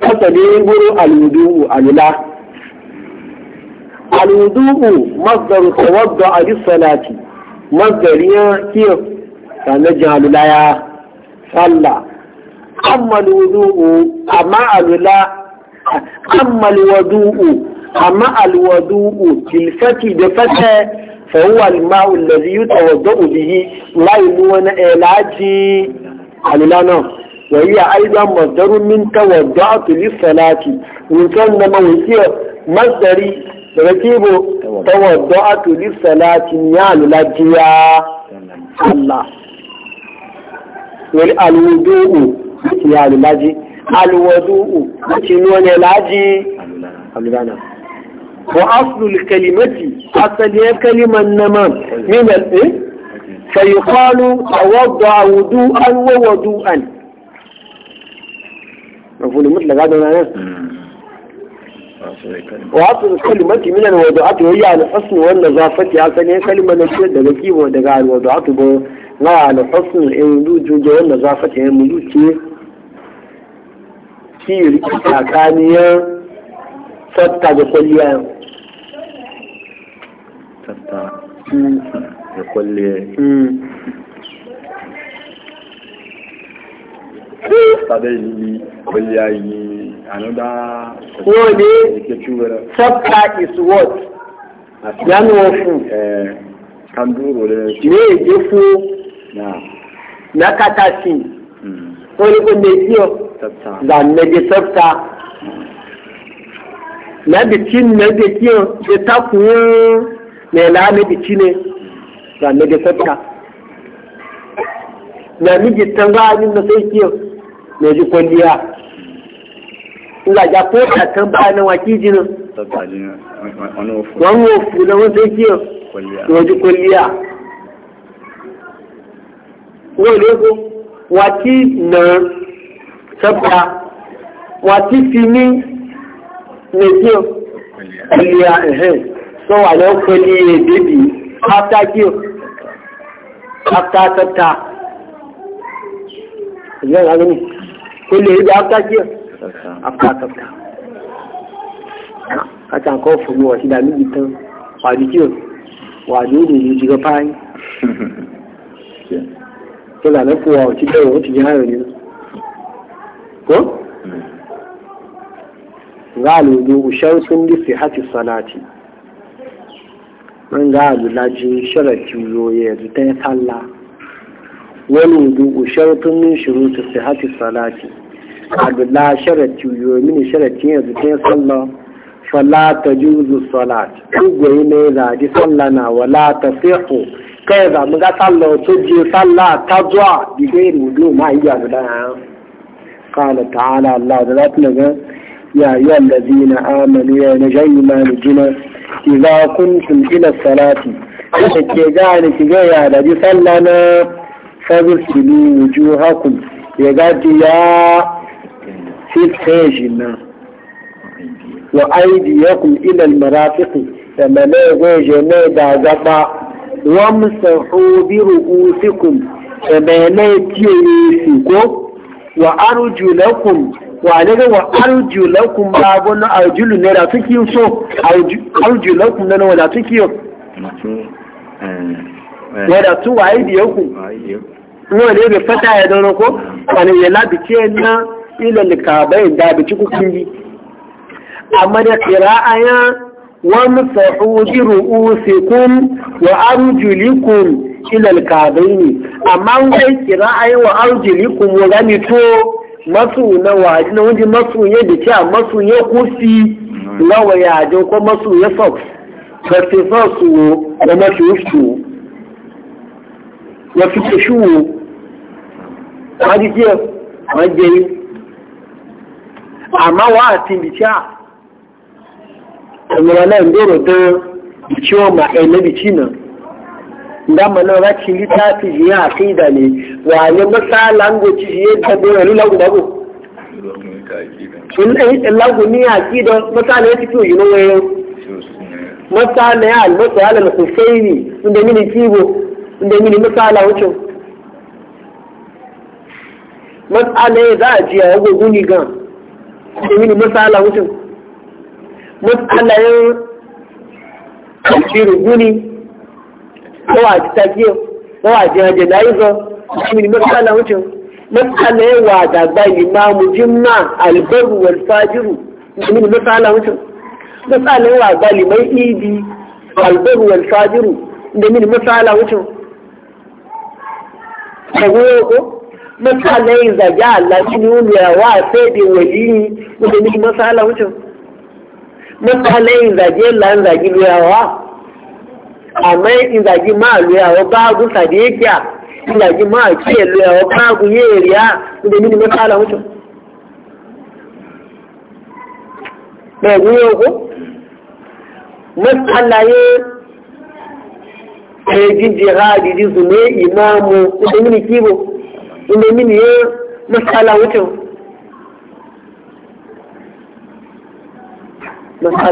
kasa ne guru alwudu alula alwudu masdar tawadda ali salati masdar ya kiyo sanan jalula ya salla amma alwudu amma alula amma alwudu amma alwudu tilfati فهو الماء الذي يتوضأ به لا ينون علاجي على وهي أيضا مصدر من توضعت للصلاة وكان موسيقى مصدري ركيب توضعت للصلاة يعني لجيا الله والوضوء يعني لجي الوضوء تنون علاجي على وأصل الكلمة أصل كلمة نما من الإيه فيقال توضع وضوءا ووضوءا مفهوم مثل هذا أنا وأصل الكلمة من الوضعات وهي على الحسن والنظافة أصل كلمة نشير دلكي ودقاء الوضعات لا على الحسن الوجود والنظافة هي الملوك كير كاكانيا Sadaka da kwalliya yau. Sadaka da kwalliya. Sadaka yi kwalliya yi anoda. Wọ́n ní sadaka is what? Yanu ofu. Kanduro le. Ní èdè fún. Na kata si. Wọ́n ní kò lè sí ọ. Sadaka. Là mẹ́jẹ sadaka na bici na da kiyo da takuyin mai la na bici ne ga na da sabta na miji ta ba ni na sai kiyo na ji kwalliya ina ja ko ta kan ba na waki jinin wani wofu na wani sai kiyo na ji kwalliya wani ko waki na sabta waki fi fini mẹ́jọ ẹ̀lẹ́yà ẹ̀hẹ́ tó wà lọ pẹ́ ní èdèbì after after tata ìyá ìyá lónìí kó lè rí after gíọ̀ after tata kátà nǹkan fún mi wọ̀ sí dàmí yìí tán wà ní gíọ̀ wà ní èdè yìí jùlọ báyìí tó lànà fún wa ò ti bẹ̀rẹ̀ ga alwudu shamsun li sihhati salati man ga alulaji sharati yo ya zuta salla wal wudu shartun min shuruti sihhati salati alula sharati yo min sharati ya zuta salla fala tajuzu salat goyi ne da ji salla na wala tasihu kai da mun ga salla to ji salla ta zuwa dige wudu ma iya ya qala ta'ala Allah da zata ga يا أيها الذين آمنوا يا نجي ما جنا إذا كنتم إلى الصلاة فكيغان كيغيا الذي صلنا فبسلوا وجوهكم يغادي يا الخيجنا وأيديكم إلى المرافق لما لا يغيجنا دعزبا وامسحوا برؤوسكم لما لا يتيئوا wa arju lakum wa ne ga wa arju lakum babu na arjulu ne da suke so arju lakum na wala suke yo ne da tu eh, eh. wa idi yakum ne ne bai fata ya dono ko wani ya labi ce na ila likabai da bici kukin kukungi amma da qira'aya wa musahu bi ru'usikum wa arjulikum ilal kadaini amma kai kira ai wa arjili kuma gani to masu na waje na wani masu ya da cewa masu ya kusi na wayaje ko masu ya sok karfisa su da masu su ya fi ke shi wo wani jiya wani yi amma wa a na ɗan ranar doro ma ciwon eh, ma'ai na biki nan dama na ga ci litafi ji ya aqida ne wa ne misalan go ci ji ya do wani lagu dago in yi lagu ni aqida e na ya ci to yi na wayo Masa misalan ya al-masal al-husaini inda mini kibo inda mini masa misala wucin misalan ya za a ji a go guni gan inda mini masa misala wucin misalan ya tafsirin guni wọ́n àtìtàgé wọ́n àjẹjẹ láìsọ ìṣẹ́mi mẹ́kànlá ń tún mẹ́kànlá ẹwà àdàgbà ìmáàmù jimá alìbẹ́rù wẹ̀lfàjìrù ìṣẹ́mi mẹ́kànlá ń tún mẹ́kànlá ẹwà àgbà ìmọ̀ ìdí alìbẹ́rù wẹ̀lfàjìrù ìṣẹ́mi mẹ́kànlá ń tún ẹ̀wọ́ ọkọ́ mẹ́kànlá ìzàjá àlàjì ni ó lè wá àfẹ́ẹ̀dẹ̀ wẹ̀lí ìṣẹ́mi mẹ́kànlá ń tún mẹ́kànlá ìzàjẹ́ là ń wá àmọ́ ìdàgí máa ma luya báàgùn sàdéèkìá ìdàgí máa kí èlò àwọn báàgùn yé èrè á níbi nínú mẹ́ta àlọ́ ọ̀tún. Bẹ̀rù yóò kó mẹ́ta láyé ẹ̀ẹ́dì jihadi di zùmé ìmáàmù ni kíbo mẹ́ta Mẹ́ta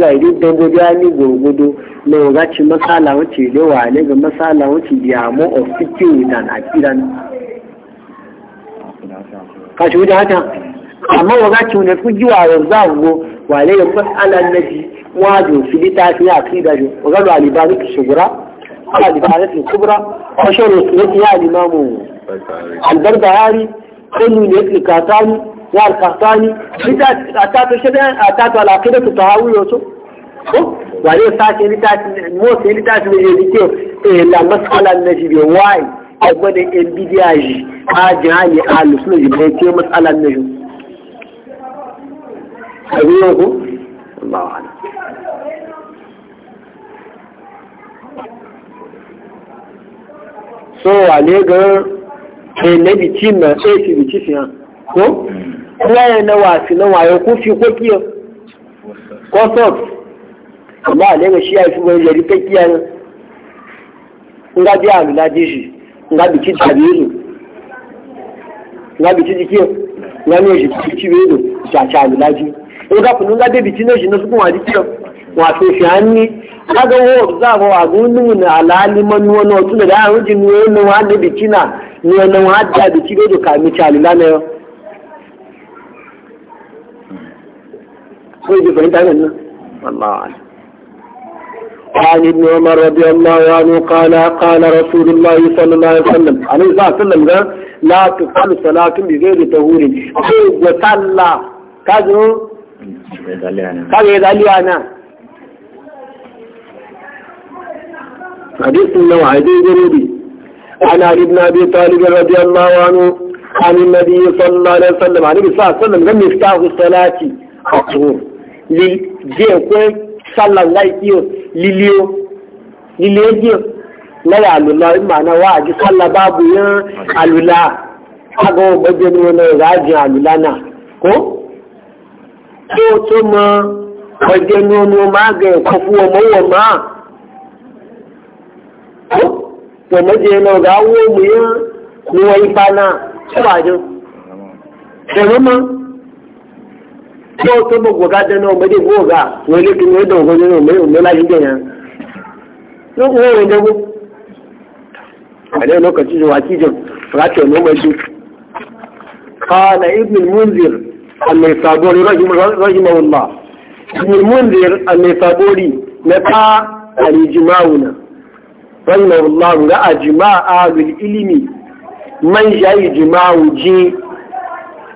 á ní na wagaci matsala wace da wane ga matsala wace da mo of fikin dan akidan ka shi wuce haka amma wa wagaci wani fuji wa yanzu go wale ga matsala na ji wajo filita fi ya fi gajo wagado alibari ta shugura alibari ta kubra kwashe rusulati ya limamu albarbahari kullu ne ya katani ya alkatani ita ta ta ta ta ta ta ta ta ta ta ta ta ta ta ta ta wàlé fàṣẹ mọ́ọ̀sẹ̀ lítàṣì lè yẹni kí èèlà mọ́sálà nàìjíríà wáyé ẹgbẹ́ ní nbda yìí ajá yẹ alùsùn ìbẹ̀ tí ó mọ́sálà nàìjíríà. ẹ̀rí yóò so wàlé gan èèlè bìtì mẹ́ èèfì bìtì fi hàn kó wọ́n hmm. yẹn náà wà sí náà wà yẹ kó fi kó kí ọ kó sọ́ọ̀tù amma a lera shi ya fi wani jari kakkiyar nga bi a lula dishi nga bi ci tabiru nga bi ci jikin nga ne shi ci ci bedo ta ta lula ji nga kunu nga bi ci ne shi na su kuma jikin wato shi hanni kaga wo za ko a gunun na alali man wono tun da an ji ne no wa da bikina ne no wa da biki bedo ka mi ta lula ne ko ji fahimta Allah وعن ابن عمر رضي الله عنه قال قال رسول الله صلى الله عليه وسلم عليه الصلاة والسلام لا تقبل صلاة بغير طهور وصلى كذا كذا يدعي أنا حديث النوع دي جريدي عن علي بن أبي طالب رضي الله عنه عن النبي صلى الله عليه وسلم عليه الصلاه والسلام لم يفتح الصلاة الطهور لجيه sallah ngai kiyo liliyo liliyo kiyo ngai alula imana wa ji sallah babu ya alula kaga baje ni wona ga ji alula na ko ko to ma baje ni ma ga ko fu mo wo ma ko to ma je no ga wo mu ya ni wa ibana ko ba jo ma tó tó gbogbo ká tẹ náà ọmọdé gbogbo ká wọn lé kíni ẹdọ ògbóni náà ọmọdé òmìnira láti dẹ yẹn ló ń wọ́n wọn dẹ́gbó. àlẹ́ ọ̀nà kan títí wàá tíjọ rákẹ́ ọ̀nà ọmọ ẹ̀dùn. قال ابن المنذر النيسابوري رحمه الله ابن المنذر النيسابوري نفى الإجماعنا رحمه الله رأى جماع أهل العلم من جاء إجماع جي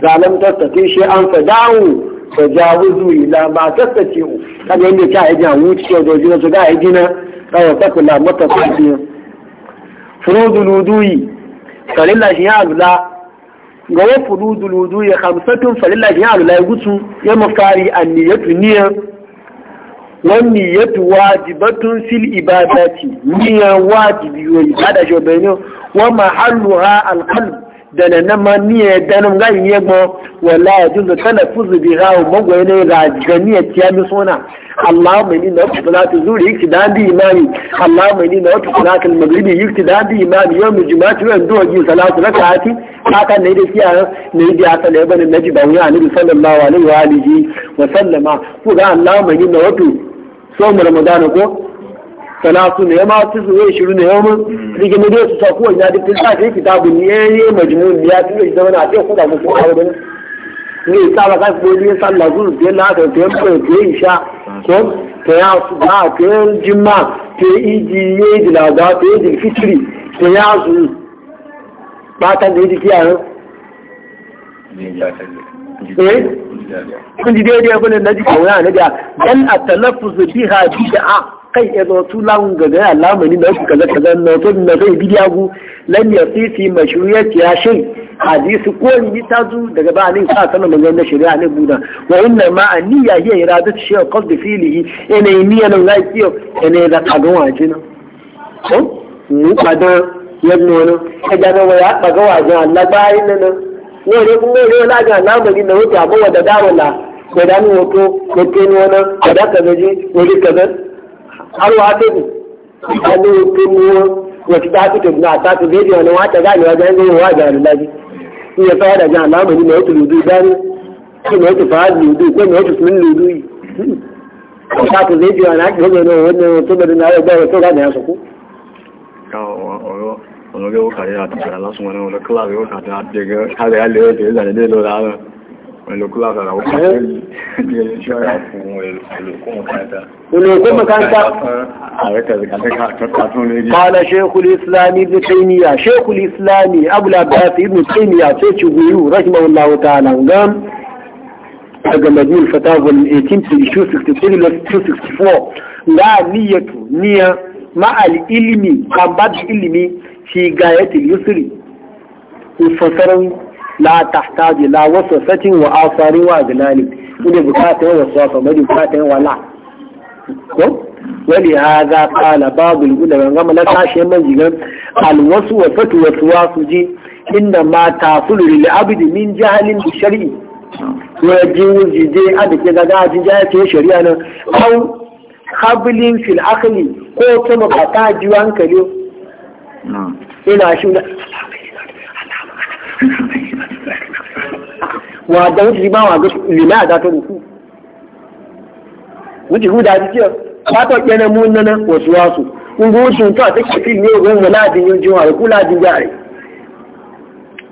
zalam tattaki shi an fadawu fa jawuzu ila ma tattaki kaga inda ta yi jawu ce da jina su ga yi jina kawai ta kula mata sai furudul wudu'i kalilla shi ya azla ga wa furudul wudu'i khamsatun falilla shi ya azla ya gutsu ya mafari anniyatu niyya wan niyyatu wajibatun fil ibadati niyya wajibi wa ibada jobenyo wa mahalluha al-qalb da na nama niye ganin ga yi yagbo wala ya jinga kana fuzu bi rawo magwai ne ga ganiya tiya mi sona Allah mai ni na kula zuri yake imani Allah mai ni na kula magribi yake da bi imani yau mu juma'atu ran duwa ji salatu rakati haka ne da kiya ne da aka da bane naji ba wani annabi sallallahu alaihi wa alihi wa sallama ku ga Allah mai ni na wato so mu ramadana ko salatu ne ma su zuwa shiru ne yawan rike ne dai su sa kuwa ya dukkan sa ke kitabu ne yayi majnun ya tuwe zama na ce ku da musu aure ne ne sa ba ka su ne sallah zuru da la da ta ko ke isha ko ta ya su ba ke jimma ke iji ne da da ta yi fitri ta ya zu ba ta da yi kiyaye ne ya ta ne kun ji daidai abin na ji kawai na da dan a talaffuzu biha bid'a kai ya zo tu lan ga ya lamani na su kaza kaza na to na zai bidiya gu lan ya fi fi mashruyati ya shay hadisi ko ni ta zu daga ba nin sa sanan manzon na shari'a ne buda wa inna ma aniya hiya iradatu shay qad fi'lihi ina niyya nan ga kiyo ina da kagon waje na ko mu kada yadda wani gano na ya kaga wajen Allah bayin nan wọ́n lé kúmọ́ lé lága lámọ̀lì náà na ti àbọ̀wọ̀ dàda wọn là gbẹ̀dá ní wọn tó wọn tó ní na náà gbẹ̀dá kẹfẹ́ sí na ga arúgbó atẹ́bù àní wọn tó ní wọn wọn ti dá títẹ̀ náà na lédi ọ̀nà wọn àtẹ̀gá ìwájà na gbé wọn àjà rẹ̀ lájú ìyẹn na dàjà lámọ̀lì náà ó ti lùdú dání kí ni ó ti na 我给我看一下，大家老师们，我的 شيخ الإسلام ابن تيمية شيخ الإسلام أبو العباس ابن تيمية تشويه رحمه الله تعالى قام daga Madinul Fatawa 1863-1864 ga niyyatu niyya ma'al ilimi kan ba ilimi fi gayatil yusri ufasarin la tahtaji la sacin wa asari wa gnani ina bukata wasu wasu mai bukata yawa wala ko wani haza kala babu lula ban gama na tashi man jigan alwasu wa Fati-wasu, wa ji inda ma ta tasulu lil abdi min jahalin bi shar'i wa jiwuji je adake ga gajin jahilci shari'a nan Hau habilin fil aqli ko kuma kata ta jiwa hankali ina shi da wa da wuce ba wa ga lima da ta ruku wuce huda ta ce ba ta kyana mun nana wasu wasu kun ga wuce ta ta ke fil ne gon waladin yin jiwa da kuladin jare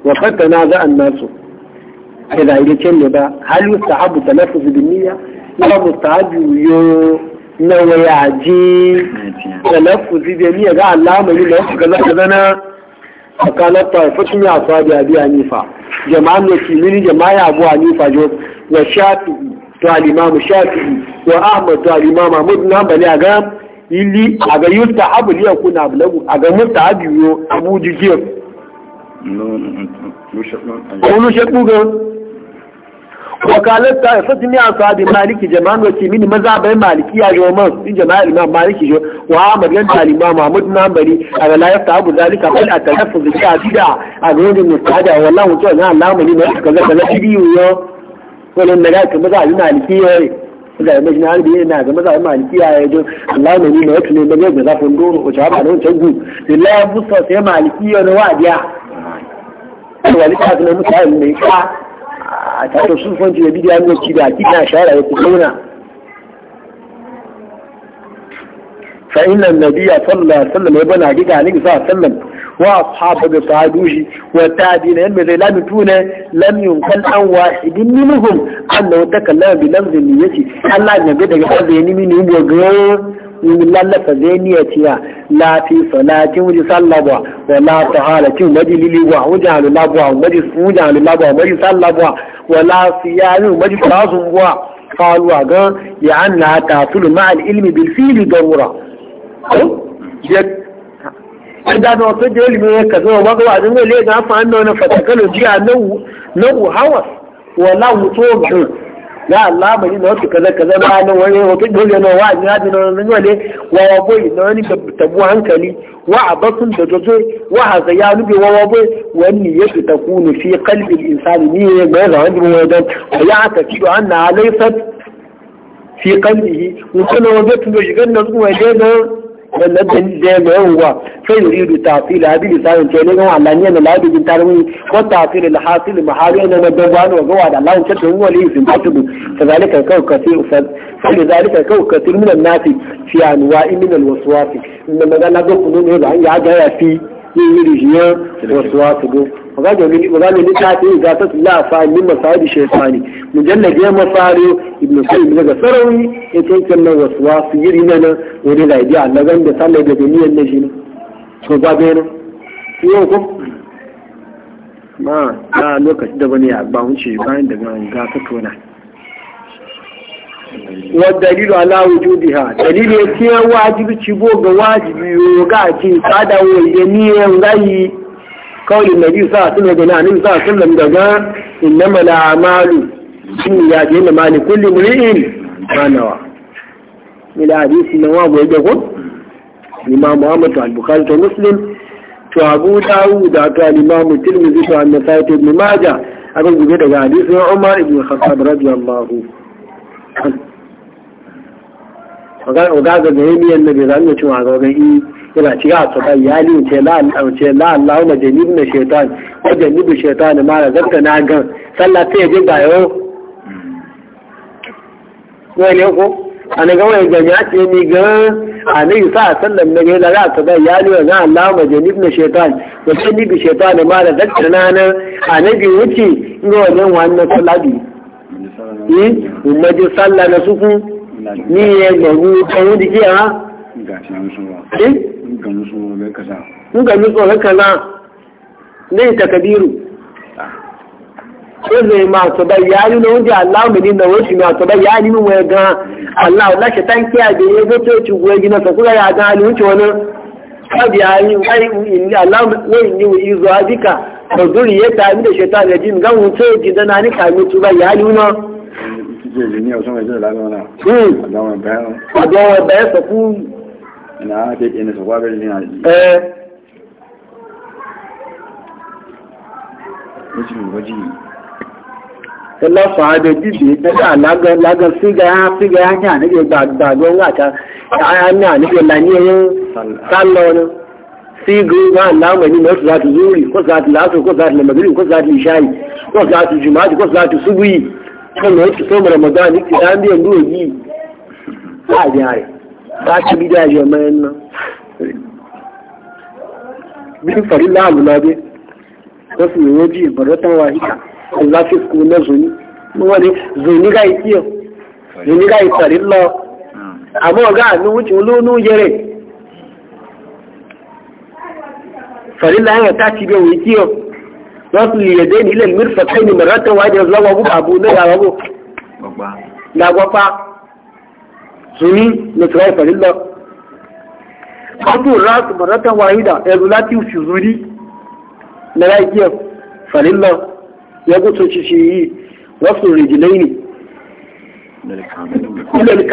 wa na za an nasu ai da yake ne ba halu sahabu tanaffuz bin niyya ya mustahabu yo na waya ji da lafuzi da ni ga alama ni lafuzi ga zaka zana akalar taifatun ya sa da abi hanifa jama'an da kimini jama'a abu hanifa jo wa shafi to alimamu shafi wa ahmad to alimamu ahmad na bali a ga ili a ga yutta abu liya kuna abulagu a ga mutta wakalar ta fa tuni an sahabi maliki jama'an wace mini maza bai maliki ya jo man in jama'a imam maliki jo wa ahmad yan tali imam mahmud na bari a ga layar ta abu zalika bal a bi adida a mustada wallahi to na alamu ne mai kaza kaza bidiyo yo wannan da ga maza al maliki yo da mai na albi yana ga maza al maliki ya jo Allah ne ne wato ne mai ga zafin doro o ta ba ne wancan gu billahi busa sai maliki yo na wadiya walika ga mutane ne ka a tattar sun fanci da bidiyar yanki da a shara ya kuma yana fa'inan na biya ya bana a nika sa sallam wa sahaba da sahadu wa ta dina yadda zai lami tuna kan an an da wata kallon bilan zai ya ce nimi ya gaya in lallata zai niya ciya la fi salatin wuji sallabwa wa la tahalatin waji liliwa wuji halulabwa waji wuji halulabwa waji sallabwa wa la siyarin waji fasunwa faruwa gan ya an na tasulu ma al'ilmi bil fili garura an da wasu da ilimi ya ka zama magawa a zama lega fa an nuna fatakalo jiya na hawas wala mutuwa ya Allah bari na wata kaza kaza ba na wani wata dole na wa ni hadi na nan wale wa wa boy na wani tabu hankali wa abasun da dozo wa haza ya nubi wa wa boy wani yake takunu fi qalbi al-insani ni ga ga wani mu da ya ta ci anna alaysat fi qalbihi wa kana wajatu shigan na zuwa da wannan da mai yawa fa yuridu tafsil abi lisan ke ne ga Allah ne na labi bin tarwi ko tafsil al hasil mahari ne na dawano ga wa da Allah ta tun wali sun tubu kazalika kau kasir usad فلذلك كو كثير من الناس في انواع من الوسواس انما لا بد ان يبقى يا في يرجيا وسواسه وقال لي تاتي إذا تتلا فعل من مصائب الشيطان مجلد يا مصاري ابن سيد لغا سروي يتنكن وسواس يريننا وللا يديع لغن بسالة جميع النجين وقابينا يوكم ما لا لوكس دبني أبا ونشي باين دبني غاكتونا والدليل على وجودها دليل يتيه واجب تشبوه واجب يوقعتي سادة ويجنية وغي قول النبي صلى الله عليه وسلم جنان صلى الله عليه وسلم دقاء إنما لا عمال إني ياتي ما لكل امرئ ما نوى من حديث النواب ويجهد الإمام محمد والبخاري ومسلم وأبو داود وقال الإمام الترمذي وعن نسائي ابن ماجه أقول بجد حديث عمر بن الخطاب رضي الله عنه ogaga da yami yan nabi zan mutum a gaban yi yana ci ga tsaka yali ce la Allah ce la na shaitan ko janibu shaitan ma da zakka na ga sallah ta yaji da yo wani ko an ga wani jami'a ce ni ga yi sa sallam na ga la ta da yali wa Allah na janib na shaitan ko janibu shaitan ma da zakka na nan biyu wuce ga wani na sallah ìmọ̀jọ sálà lọ súnkún ní ẹgbẹ̀rú ọdún díjẹ́ ha nígbàmí sọ lẹ́kànlá ní ìtàkàbírù ó lè máa tọ̀bá ìyá nínú oúnjẹ aláàmì nínú ó sì máa tọ̀bá nínú wọn gan aláàmì láṣẹ táǹkì àgbèyẹ tó tó ti wọ ẹgbẹ́ náà àgbà alùpùpù wọn náà káàdì àárín ní tó ní tó bá títí èyí ní ọ̀sán ìjọ ìlànà náà àdáwọn ẹ̀bẹ̀ ẹ̀rọ. àdáwọn ẹ̀bẹ̀ ẹ̀ sọ fún. ẹ̀nà àwọn akéèké sọ̀kọ́ abẹ́rẹ́ ní àyè. ẹ ti rò jì sígú wà láwọn ẹni mẹ́tò láti zúrì kó sáà ti lásìkò kó sáà ti lẹ̀mẹ̀gírì kó ìṣáyì kó sáà ti jùmọ́ àti kó kan da wata somar magana ki dan biyan duwa yi a jare ta ci gidaje mai nan bin farilla alulabe wasu yi waje baratan wahika Allah fi su na zuni wani zuni ga yi kiyo zuni ga yi farilla amma ga ni wuce ulunu yare farilla yana ta ci biyan wikiyo wasu yadda ni ilal mirfa kai ne maratan wa da zawa guba abu na yawa go na gwafa suni na tsawai farilla wato rasu maratan wahida ya zula ti fi zuri na rakiya farilla ya gutu ci shi yi wasu rijilai ne ilal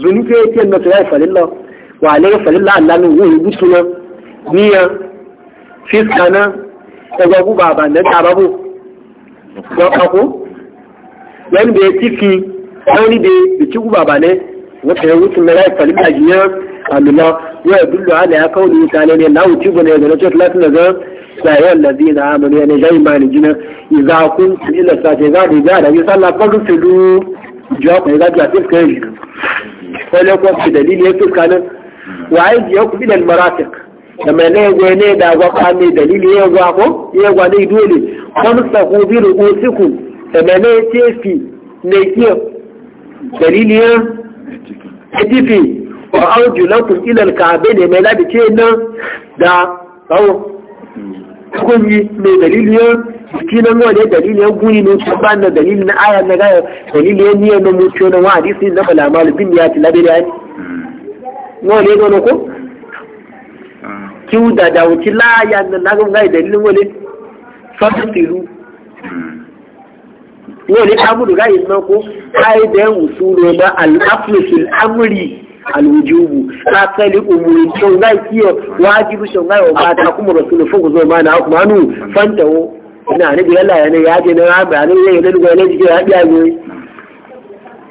zuni ke yake na tuwa falilla wa alayhi falilla Allah min wuhi gutuna niya na daga ku baba na taba bu ga ku yan da tiki wani da ci ku baba ne wata ya wuce na rai falilla jiya amina ya dullu ala ya kawo ni tale ne na wuce da na ce latin daga sayan lazina amanu ya ne jai mani jina da sallah ku ku wani kuma fi dalili ya fuska nan wa ai ya kuɗi da marafiq da mai ne gwa ne da gwa kwame dalili ya gwa ko ya gwa ne dole kan sa ku bi rubusiku da mai ne tefi ne kiyo dalili ya tefi wa auju lakum ila alka'be ne mai labi ce nan da tsawo kun yi mai dalili ya kinan nawa ne dalilin guri ne ko ban da dalilin na aya na gaya dalilin ne ne mu ciyo na wa hadisi na bala mal bin ya tilabe da ni no ne no ko kiu da da wuci la ya na na ga dalilin wale fasiru no ne abu da gaya na ko ai da usulu na al-aflu fil amri alwujubu asali umurin kyau gai kiyo wajibu shau gai wa mata kuma rasulun fuku zo mana manu fantawo ina ni bi Allah yana ya je na ba ni yayi da duka ne jike ya biya ne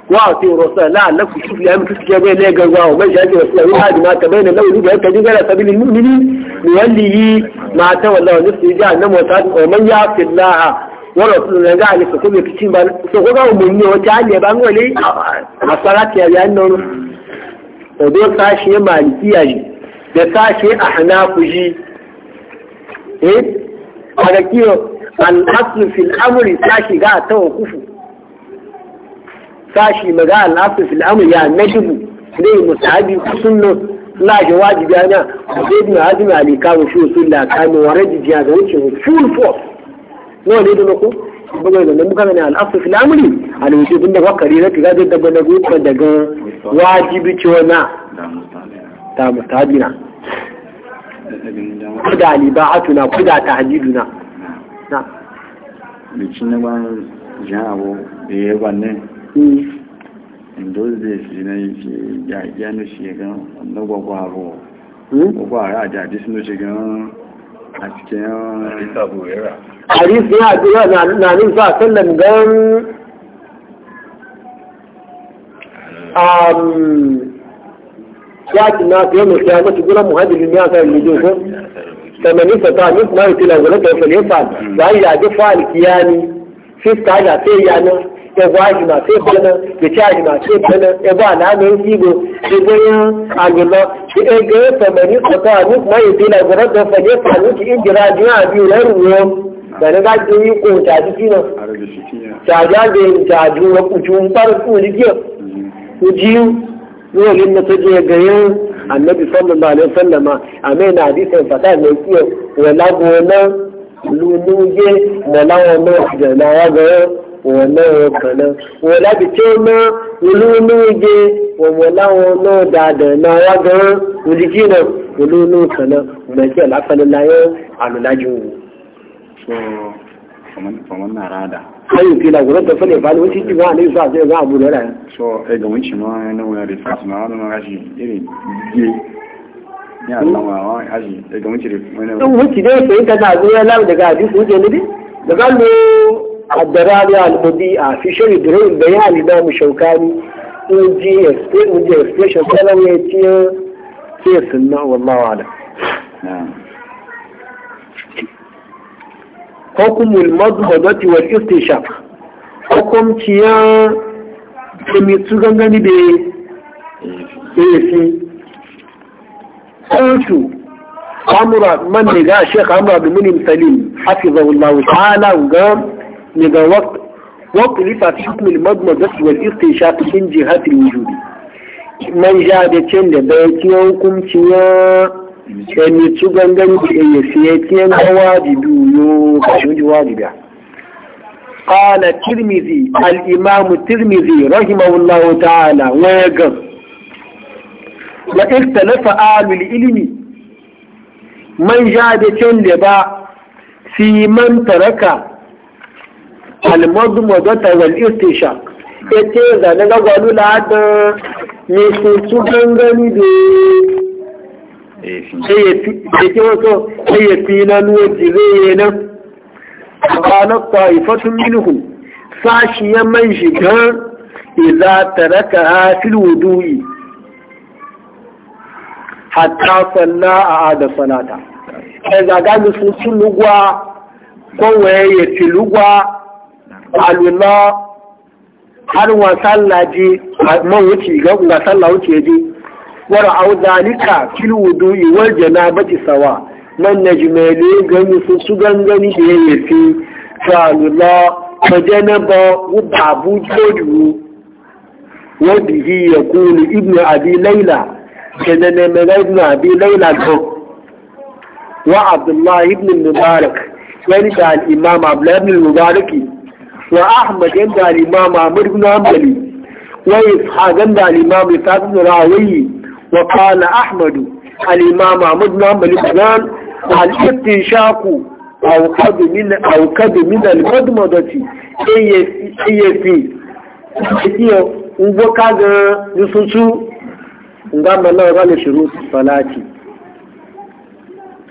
wa ti rasul la la ku shi ya mutu ke bai ne ga wa bai shaji rasul ya ji ma ka bai ne lawu da ka ji gara sabilin mu'mini ni walli ma ta wallahi nafsi ji na wa ko o man ya fi Allah wa rasul ne ga ni ko bai kicin ba so ko ga mun ne wata ne ba ngole asarati ya yan nono o do tashi malikiya ji da tashi ahnafu ji eh kaga kiyo al'aslu fil amri sashi ga tawakkufu sashi maga al'aslu fil amri ya najibu ne musahabi sunnu la ji wajibi ana ibn hazim ali kawo shi usul la kawo waraji jiya ga wuce full force no ne da ko bugai da muka gane al'asu fil da al wujub da wakari da ga da daga na wuce daga wajibi ce wana ta mustabina kuda libaatuna kuda tahdiduna michina ba jawo da ya ba ne in those days shi na yake ya iya na shi ya gan na gwagwa abu gwagwa ara da disi na shi gan a cikin hadisi ya zuwa na nisa sallam gan na fiye mai kiyamata gudan muhajjirin فمن يستطاع منكم ما يطيل أولته فليفعل وأي دفع الكياني في استعجع سيانا ẹ̀bọ̀ àjùmà tí ó bẹ̀rẹ̀ gbèsè àjùmà tí ó bẹ̀rẹ̀ ẹ̀bọ̀ àlàáfẹ́ ìgbò gbogbo yẹn àgbẹ̀lọ tí ẹgbẹ́ fẹ̀mẹ̀ ní ọ̀tọ́ àníkùmọ́ ìdílẹ̀ gbọ́dọ̀ fẹ̀yẹ́ fàánù kí ìjìnlẹ̀ àjùmà àbí ìrẹ́rù wọn bẹ̀rẹ̀ bá ju yín kó tàbí kí náà tàbí àgbẹ̀ tàbí wọn yawalin na taje gayin annabi sallallahu alaihi wasallam a mai na hadisin fata mai kiyo wala gona lunuje wala wala jana ya ga wala kana wala bi tema lunuje wala wala da da na ya ga wuliji na lunu kana mai kiyo lafalin layo alulajin faman faman narada ayin fi da gurin da fane ba ne wani cikin wani ne sa sai ga abu da rana so e ga wani ma na wani da sa ma na gashi iri ge ya Allah ma wa aji e ga wani wani dan wuci dai sai ka da zuwa lamu daga hadisi wuce ne dai daga mu ad-darari al-mudi'a fi shari dirayin bayan al-imam shaukani uji expression uji expression kana ne ce ce sunna wallahu a'lam na'am hukumul mazhabati wal istishaq hukumciya kemi su gangani da yafi kotu amura man ne ga shekha amura da munim salim hafizahullahu ta'ala ga ne ga wakulifa fi hukumul mazhabati wal istishaq min jihatil wujudi man ja da cin da bai kiyon hukumciya ẹni tó gangan èyè sí ẹtí ẹ náà wájìbí yóò kàṣíwájú wájìbí à. قال الترمذي الإمام الترمذي رحمه الله تعالى ويقر وإن اختلف أهل العلم من جادة لبا في من ترك المضمضة والاستشاق ete zane ga gwalu ladan ne su su gangani da sai wato sai ya fi na nuwaji zai yi nan a kwanar ta'ifatun minhu sashi ya man shiga iza taraka ha fil wudu'i hatta salla a ada salata ai zaga mi sun sun lugwa kowaye ya fi lugwa alula har wa sallaji man wuce ga sallah wuce ji. wara'au zalika fil wudu'i wal janabati sawa man najmali gani su su gangani da yake fi salula fa janaba babu jodu wadihi yaqulu ibn abi layla kana mala ibn abi layla ko wa abdullah ibn mubarak yani da al-imam abdullah ibn wa ahmad ibn al-imam ahmad ibn hanbali wa ishaq ibn al-imam ishaq وقال أحمد الإمام أحمد محمد بن الاستنشاق أوكد من أوكد من المضمضة AFP kiyo ngo kaga yususu ngamba na wale shuru salati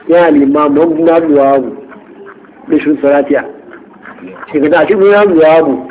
ya limam ngumna duwa bu shuru salati ya kiga da shi ngumna duwa bu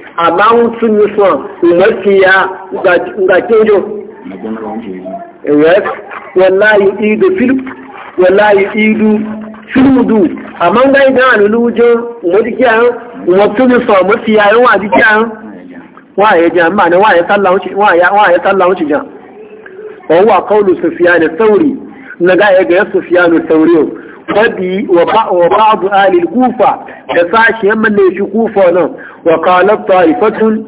amma mun sun yi son umarciya ga kejo yes wallahi idu fil wallahi idu filmudu amma ga idan alulujo umarciya umarciya son umarciya yan wa jikiya waye jan ma ne waye sallah wuce waye waye sallah wuce jan wa huwa qawlu sufyan thawri naga ya eh, ga eh, sufyan thawri wa bi wa ba'd ahli al-kufa da sashi yamma eh, ne shi kufa nan وقالت طائفة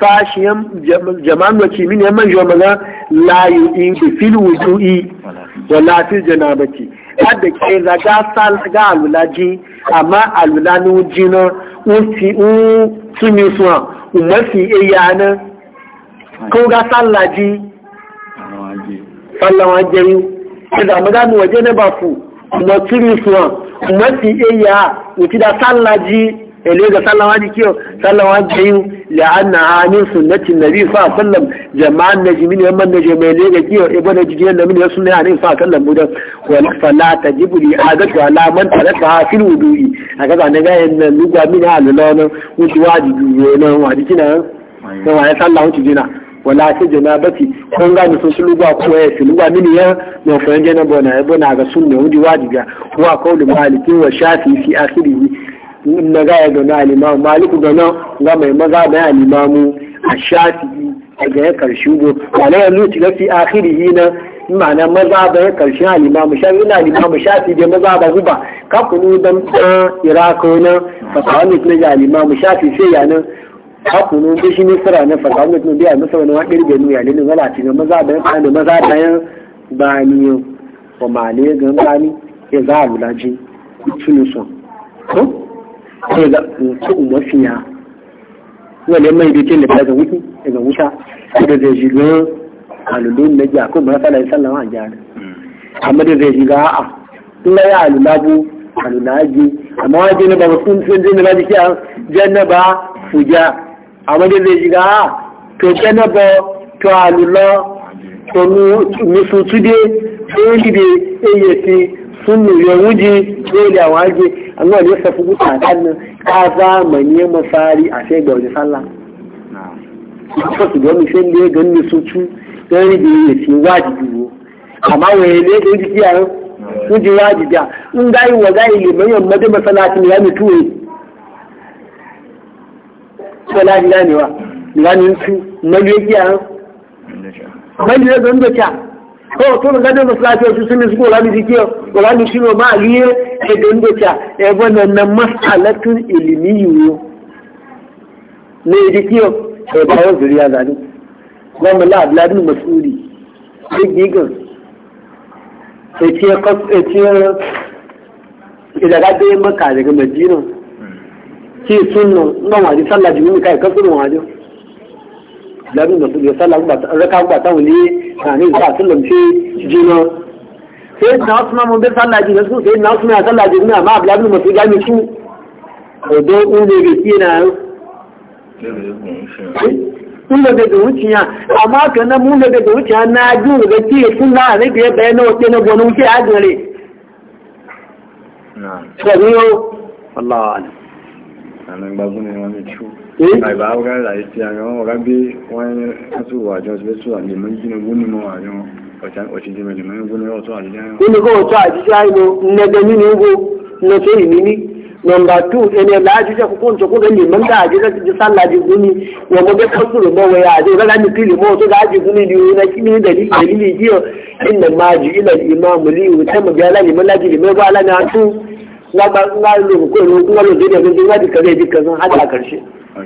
فاشيم جمال من يمن جمال لا يؤين في الوضوء ولا في الجنابة هذا كي زكا سال زكا الولاجي أما الولانو جينا وفي سنيسوا ومسي إيانا كوغا سالاجي sallawa jari إذا ما waje na bafu kuma turi وما في si iya wuti da sallaji ele ga sallawa ji kiyo sallawa ji yi anna amin sunnati nabi fa sallam jama'an najmi ne man najmi mai le ga kiyo ibn najmi ne min sunna anin fa sallam budan wal salata jibli adatu ala man taraka fil wudu'i aga ga ne ga nan lugwa min ha lolo wuti wajibi ne nan wadi kina ko wa sallah wuti jina wala ta janabati kun gani sun su lugwa ko ya su lugwa min ya na fayan janaba na ya bona ga sunna wuti ga wa qawlu maliki wa shafi fi akhirih na ga ya gana alimamu maliku gana ga mai maza da alimamu a shafi a gaya ya karshe go wala ya luci ga fi akhirihi na ma'ana maza ba ya karshe alimamu shafi na alimamu shafi da maza ba zuba kakunu dan dan irako na fasawani suna ya alimamu shafi sai ya nan ka kunu shi ne sira na fasawani suna biya masa wani wakil ganu ya lini wala ci na maza ba ya kana maza da ya bani yau wa male ga bani ya za a lulaji tunu son kawai ga mutum mafiya wale mai da ke lafiya ga wuki daga wuta da zai shiga alulun na jiya kuma rafa lai sallama a jihar amma da zai shiga a'a in ya alula bu alula ji amma wajen na ba sun sun jin da ba jiki a jannaba fuja amma da zai shiga a'a to jannaba to alula to musu tude to yi da iya sun wuje ko da waje an wani ya safu gusa kan nan ka zamani masari a sai da wani sallah ko su ga sai ne ga ganni su cu dai da ya ce wajibi ne amma wai ne da wuji kiya ji wajibi a in gayi wa gayi liman yamma da masalacin ya mutu ne salati ganewa ganin su maliyo kiya maliyo zan da kọ́wọ́ tó ń gádé mọ́síláṣí oṣù sínú sí kòránì sí kíọ̀ kòránì sínú ọmọ àlíyé ẹgbẹ́ ńdọ́ta ẹgbẹ́ nana mọ́sálẹ́tún ìlìmí yìí ní èdè kíọ̀ ẹ̀bá wọn zòrí àdáni gbọ́mọlá àbúládì mọ̀súrì gbígbígàn ètí ìdàgádé mọ́kà àdàgàmẹ̀dì náà kí ìtúnnù náà wà ní sálàjì mímú ká ìkọ́sùn wọn àjọ lábí ìmọ̀tò lè sálà rẹ́kàgbà táwọn ilé àní ìgbà àtúnlọ̀m ṣe jiná ṣe náà súnmọ́ mo bẹ́ sálà jiná sún ṣe náà súnmọ́ sálà jiná àmà àbúlábí ìmọ̀tò gámi tú ọ̀dọ́ oúnjẹ rẹ̀ sí ẹ̀nà rẹ̀. Múlẹ̀ bẹ̀rẹ̀ òun ti yàn, àmọ́ àkàn náà múlẹ̀ bẹ̀rẹ̀ òun ti yàn náà jú rẹ̀ tí fún láàrin ìgbẹ́ bẹ̀rẹ̀ náà tẹ́nà bọ̀nà oúnjẹ àgbẹ̀ rẹ̀. Ṣẹ̀mí ó, ìgbàgbọ́n ni wọ́n ní tú. Eh? àìbáwọ́gá ìlàyé tí ara wọn ọ̀rá wọ́n kásòwò àjọ àjọ ọ̀ṣìdìmẹ̀lẹ̀mọ́ ìgbó mọ́ bẹ́ẹ̀ kọ́sùrù mọ́ wẹ̀ àjẹ́ mọ́ tó dáa àjíjẹ́ ní ìlú náà kí na ba na lo ko ni kuma lo dede dede wadi kaza dede kaza har da karshe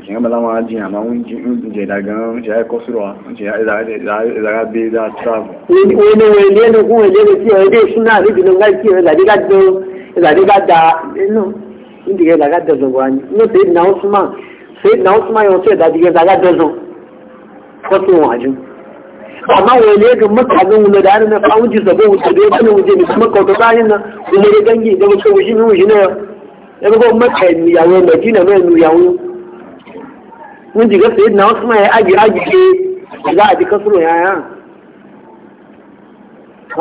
kin ga malama ajin amma mun ji in je da gan je ai ko surwa je ai da da da be da travel ni ni ni ni ni ku ni ni ti ai dai suna ni bin ga ki da diga do da diga da no in diga da ga da zo wani no sai na usman sai na usman yo sai da diga da ga da zo ko to wajin amma wani ga mutanen mu da ana na zabo wuce da ya bane wuje ne kuma kautar bayan nan ìlẹ́gbẹ́ gẹ́gì ìjọba tó wùsí ní wùsí náà ẹgbẹ́gbọ́ mẹ́ta ìyàwó nàìjíríà mẹ́rin ìyàwó wọ́n jìgá sí ìdìnà wọ́n súnmọ́ àjì àjìṣe ìgbà àti kásùrù yàrá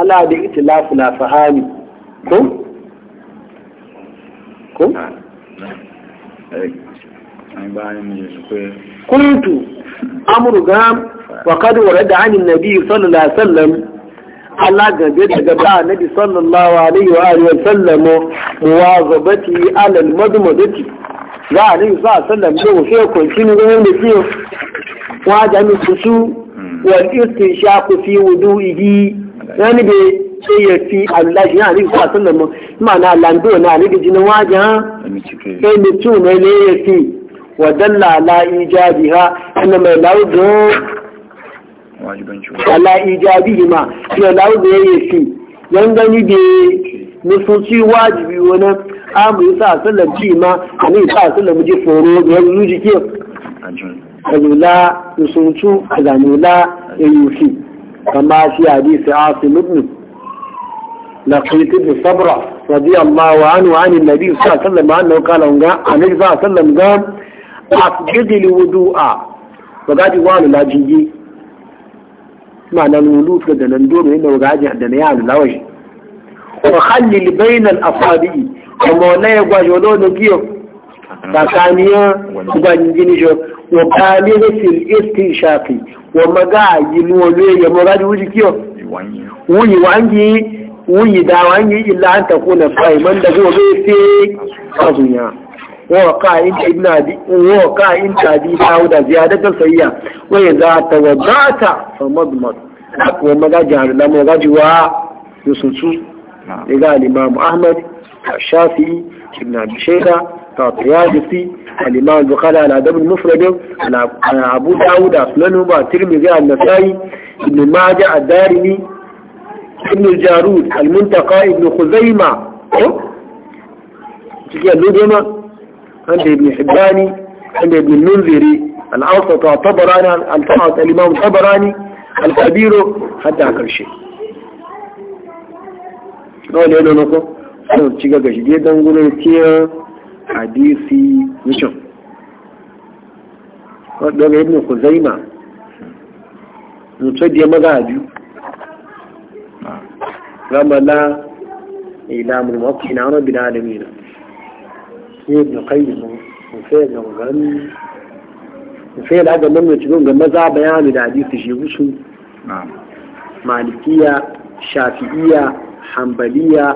aláàdé ìtìlá fùlàfà hàmì kó kó. kuntu amurga wa kadu wa rada anin nabi sallallahu alaihi wasallam Allah daga ba annabi sallallahu alaihi wa alihi wa sallamu muwazabati ala almadmadati za a nabi sallallahu sallam ne wafe kwanci ne ganin da fiye wa jami kusu wal istinshaqu fi wudu'ihi yani be sai ya fi Allah shi annabi sallallahu sallam ma na lando na ne jinin wajen sai mutum ne ne ya fi wa dalla la ijabiha annama la'udu ala ijabihi ma ke lauzu ya yi fi yan gani da nufoci wajibi wani amur sa sallam ci ma a ne sa sallam ji foro da yanzu zuji ke kalula nusuncu a zanula ya yi fi kama shi hadisi asim ibn لقيت بن صبرة رضي الله عنه عن النبي صلى الله عليه وسلم أنه قال عن النبي صلى الله عليه وسلم قال أفجد الوضوء وقال والو لا جنجي معنى الولوف كده نندور هنا وقاعد يحدنا يعني لوجه وخلل بين الأصابع أما لا يقوى جولون كيو تكانيا وبنجنجو وبالغ في الاستنشاق ومقا ينولي يمراد وجي كيو وي وانجي وي دا وانجي إلا أن تكون صائما ده هو بيسي أظن وقع ابن أبي وقع أبي داود زيادة صحيحة وإذا توضعت فمضمض وما جاء لما رجوا يسلسل نعم. إلى الإمام أحمد الشافعي ابن أبي شيبة الطيالسي الإمام البخاري على أدب المفرد على أبو داود أسننهما الترمذي النسائي ابن ماجه الدارمي ابن الجارود المنتقى ابن خزيمة تجي اللودمة عند ابن حباني عند ابن المنذري الأوسط الطبراني الفاط الإمام الطبراني الكبير حتى آخر شيء قال له نقول أنت تيجا جديد نقول لك يا حديثي نشوف قال له ابن خزيمة نتفيد يا مغادي لما لا إلى أمر مؤكد نعرض بالعالمين sai ibn qayyim mun sai ga gan da ga mun ci ga maza bayani da hadisi shi malikiya shafi'iya hanbaliya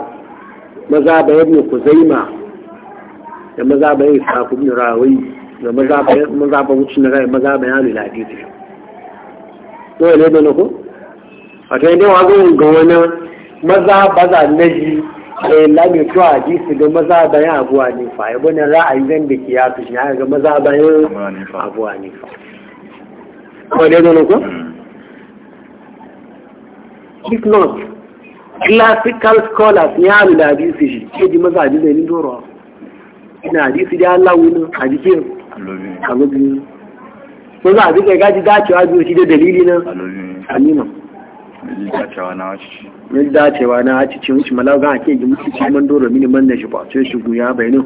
maza bayan kuzaima da maza bayan safu ibn da maza bayan wucin maza bayani da hadisi ko ne maza baza naji sai eh, lami to a ji su ga maza bayan abuwa ne fa ya bane ra'ayi zan da ke su shi ga maza bayan abuwa ne fa ko dai ne ku if not classical scholars ne alu da su shi ke ji maza hadisi ne doro ina su da Allah wani hadisi alobi ko za a bi kai gaji dacewa zuwa shi da dalili na amina dalili dacewa na min dacewa na haci cin wuce malaga ake yi mutu ci man doro mini man da shi sai shi guya bayanin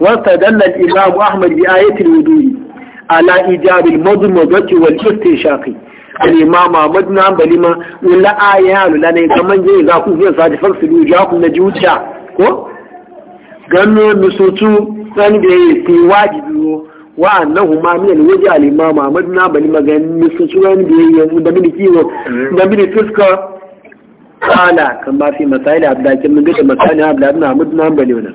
wata dalla imamu ahmad bi ayatul wudu'i ala ijabil madmadati wal istishaqi al imam madna na balima wala ayalu la ne kaman je za ku fiye sa da faksidu ja ku na juta ko gano musutu san da yi wajibi wa annahu ma min al-waji al-imam Ahmad na bali magani su suwan da yayi da mini kiwo mm-hmm. da mini fuska kala ba fi masail abdakin kin mun ga masail abda ibn Ahmad na bali wannan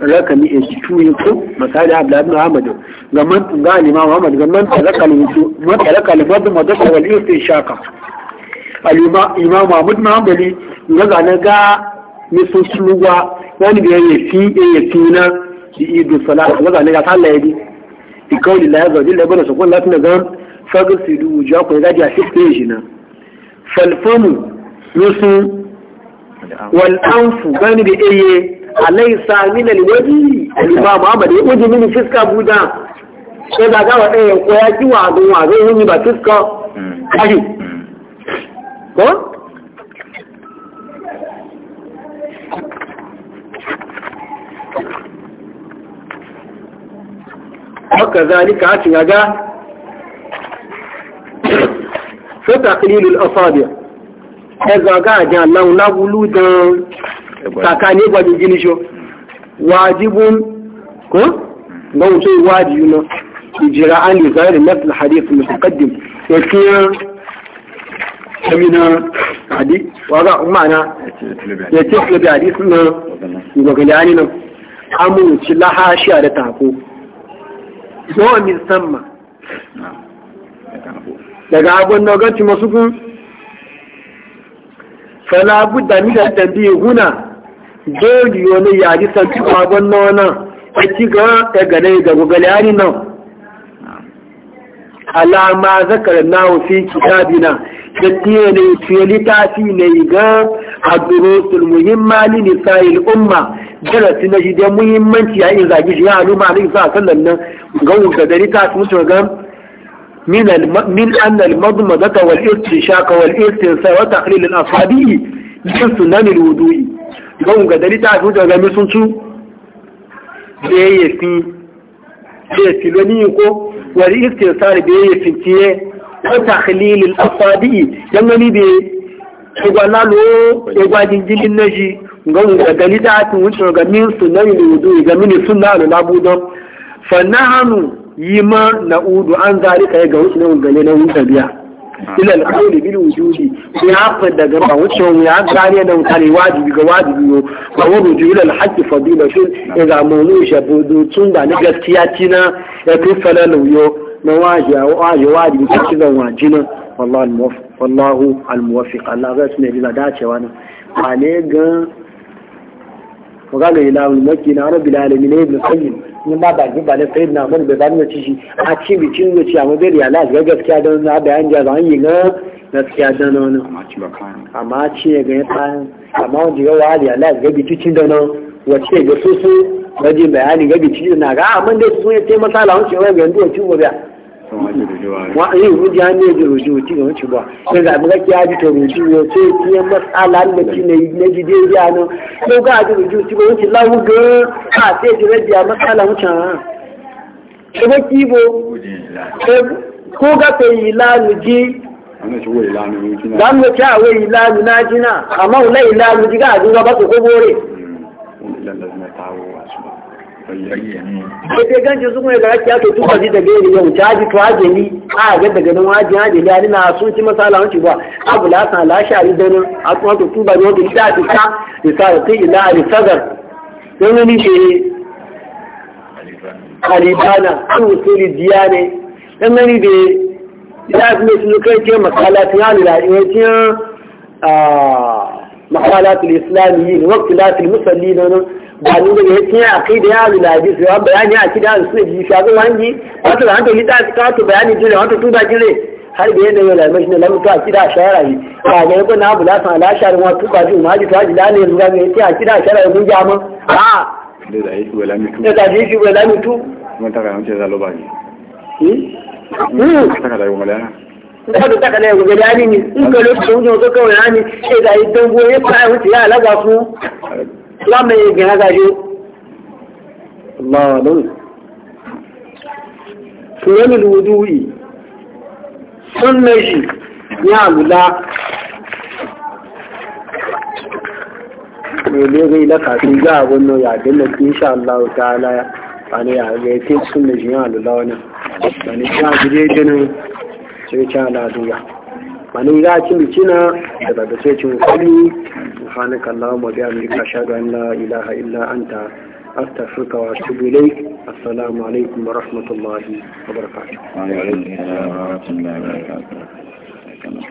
rakami e tuyi ko masail abda ibn ga man ga al-imam Ahmad ga man talaka al-wudu man talaka al-fard ma da wal istinshaka al-imam Ahmad na bani ga ga ga misu suwa wani da yayi fi yayi fi na ki idu salat maza ne ga sallah yadi ki kauli la yazo dilla ibn sukun latin da gan fagsidu wujakum ga dia shi na falfumu yusu wal anfu gani bi eye alaysa min al wadi al imam ahmad ya uji min fiska buda sai da ga wada ya koya ki wa don wa zai yi ba fiska kashi ko Thank you. haka zalika a cin ga fi taklilul asabi e zaga ajan laun lagulu don takani gwajin ginisho wajibun ko ga wuce wajibi na ijira an yi zahirin nafsul hadith mutaqaddim ya kiyan amina hadi waga umana ya ce hadith na gwagwani nan amunci lahashiya da tako zuwa min samma daga abun da gaci masu kun fala budda min da tabi huna dole wani yaji san ci abun nona a ci ga daga ne ga gugalari nan alama zakar nawo fi kitabina da tiye ne fiye littafi ne ga adurusul muhimma li nisa'il umma darasi na shi dai muhimmanci ya yi zage shi ya aluma a nufin sa sallan nan ga wuka dari ta su mutu ga min min an al madmadata wal istishaq wal sa wa taqlil al asabi min sunan al wudu'i ga wuka dari ta su mutu ga mi sun su ya fi da ya fi filoni ko wal istinsa da ya fi tiye wa taqlil al asabi dan gani be gwajin igwajin na shi. ga daga lidatin wuce ga min sunan wudu ga min sunna da labudan fa nahnu yima na'udu an zalika ga wuce nan gale na wuce biya ila al-qawli bil wujudi sai hafa daga ba wuce mu ya gane da mutane wajibi ga wajibi yo ba wuce ila al-haqqi fadila shi idza mulu shabudu tun da ni gaskiya tina ya kai falalu yo na waje wajibi ta kidan wajina wallahi al-muwaffiq wallahu al-muwaffiq Allah ga sunne da dacewa ne ale gan وقالوا إله المكين رب a ابن ni ma ba ji بعد سيدنا a ببعد ما تشي أتشي بتشي a تشي a بيري علاج لقد كادنا نعب عن جازعين ga gaskiya da nan amma ci ga ya tsayin amma wanda ga wali Allah ga bici cin da nan wace ga su su bayani ga bici na ga amma dai su ya taimaka la hunce wai ga yanzu wace gobe wa yi hujja ne da rujuti ga wuce ba sai ga muka kiya ji ta ruju ya ce kiyan matsala da ki ne na gide ya no ko ga ji rujuti ba wuce lawu ga ka sai ji rabiya matsala wuce ha ko ba kibo ko ga ta yi lanu ji dan mu ta wai lanu na jina amma wala ilalu ji ga ji ba ko bore ko sai ganci su kuma ga kiya to tuba ji da gani yau caji to haje ni a ga daga nan waje haje da ni na so ci masala wanci ba abu la san la shari da nan a kuma to tuba ne da ta ta ta da ta ta ila ali sadar dan ni shi alibana an usuli ne dan ni be ya kuma su kai ke masala ta yana da ya ci a maqalat al-islamiyyin ah, waqtilat al-musallin ba ni daga ya tiya kai da yaro da hadisi wa bayani a kida su ne ji shago wangi wato da hanto lita su kawo bayani jire wato tuba jire har da yanayi da mashi na lamutu a kida shara yi ba ga yabo na abu lasan lashar wa tuba jin maji ta ji lalai láàmì ìgbìyàn agájú lọ́wọ́ lónìí ṣùgbọ́n ìlú ojú yìí sun méjì ní àlùlá lórí lákàtí gbá àwọn náà yàgbé lọ kí ṣe aláwọ̀ tá aláyà ààrẹ tí sun méjì ní àlùlá wọn náà ní ṣe àjílé jẹ́nu ṣe ṣe aláàdúrà mani ya cin cina da سبحانك اللهم وبحمدك أشهد أن لا إله إلا أنت أستغفرك وأتوب إليك السلام عليكم ورحمة الله وبركاته وعليكم السلام ورحمة الله وبركاته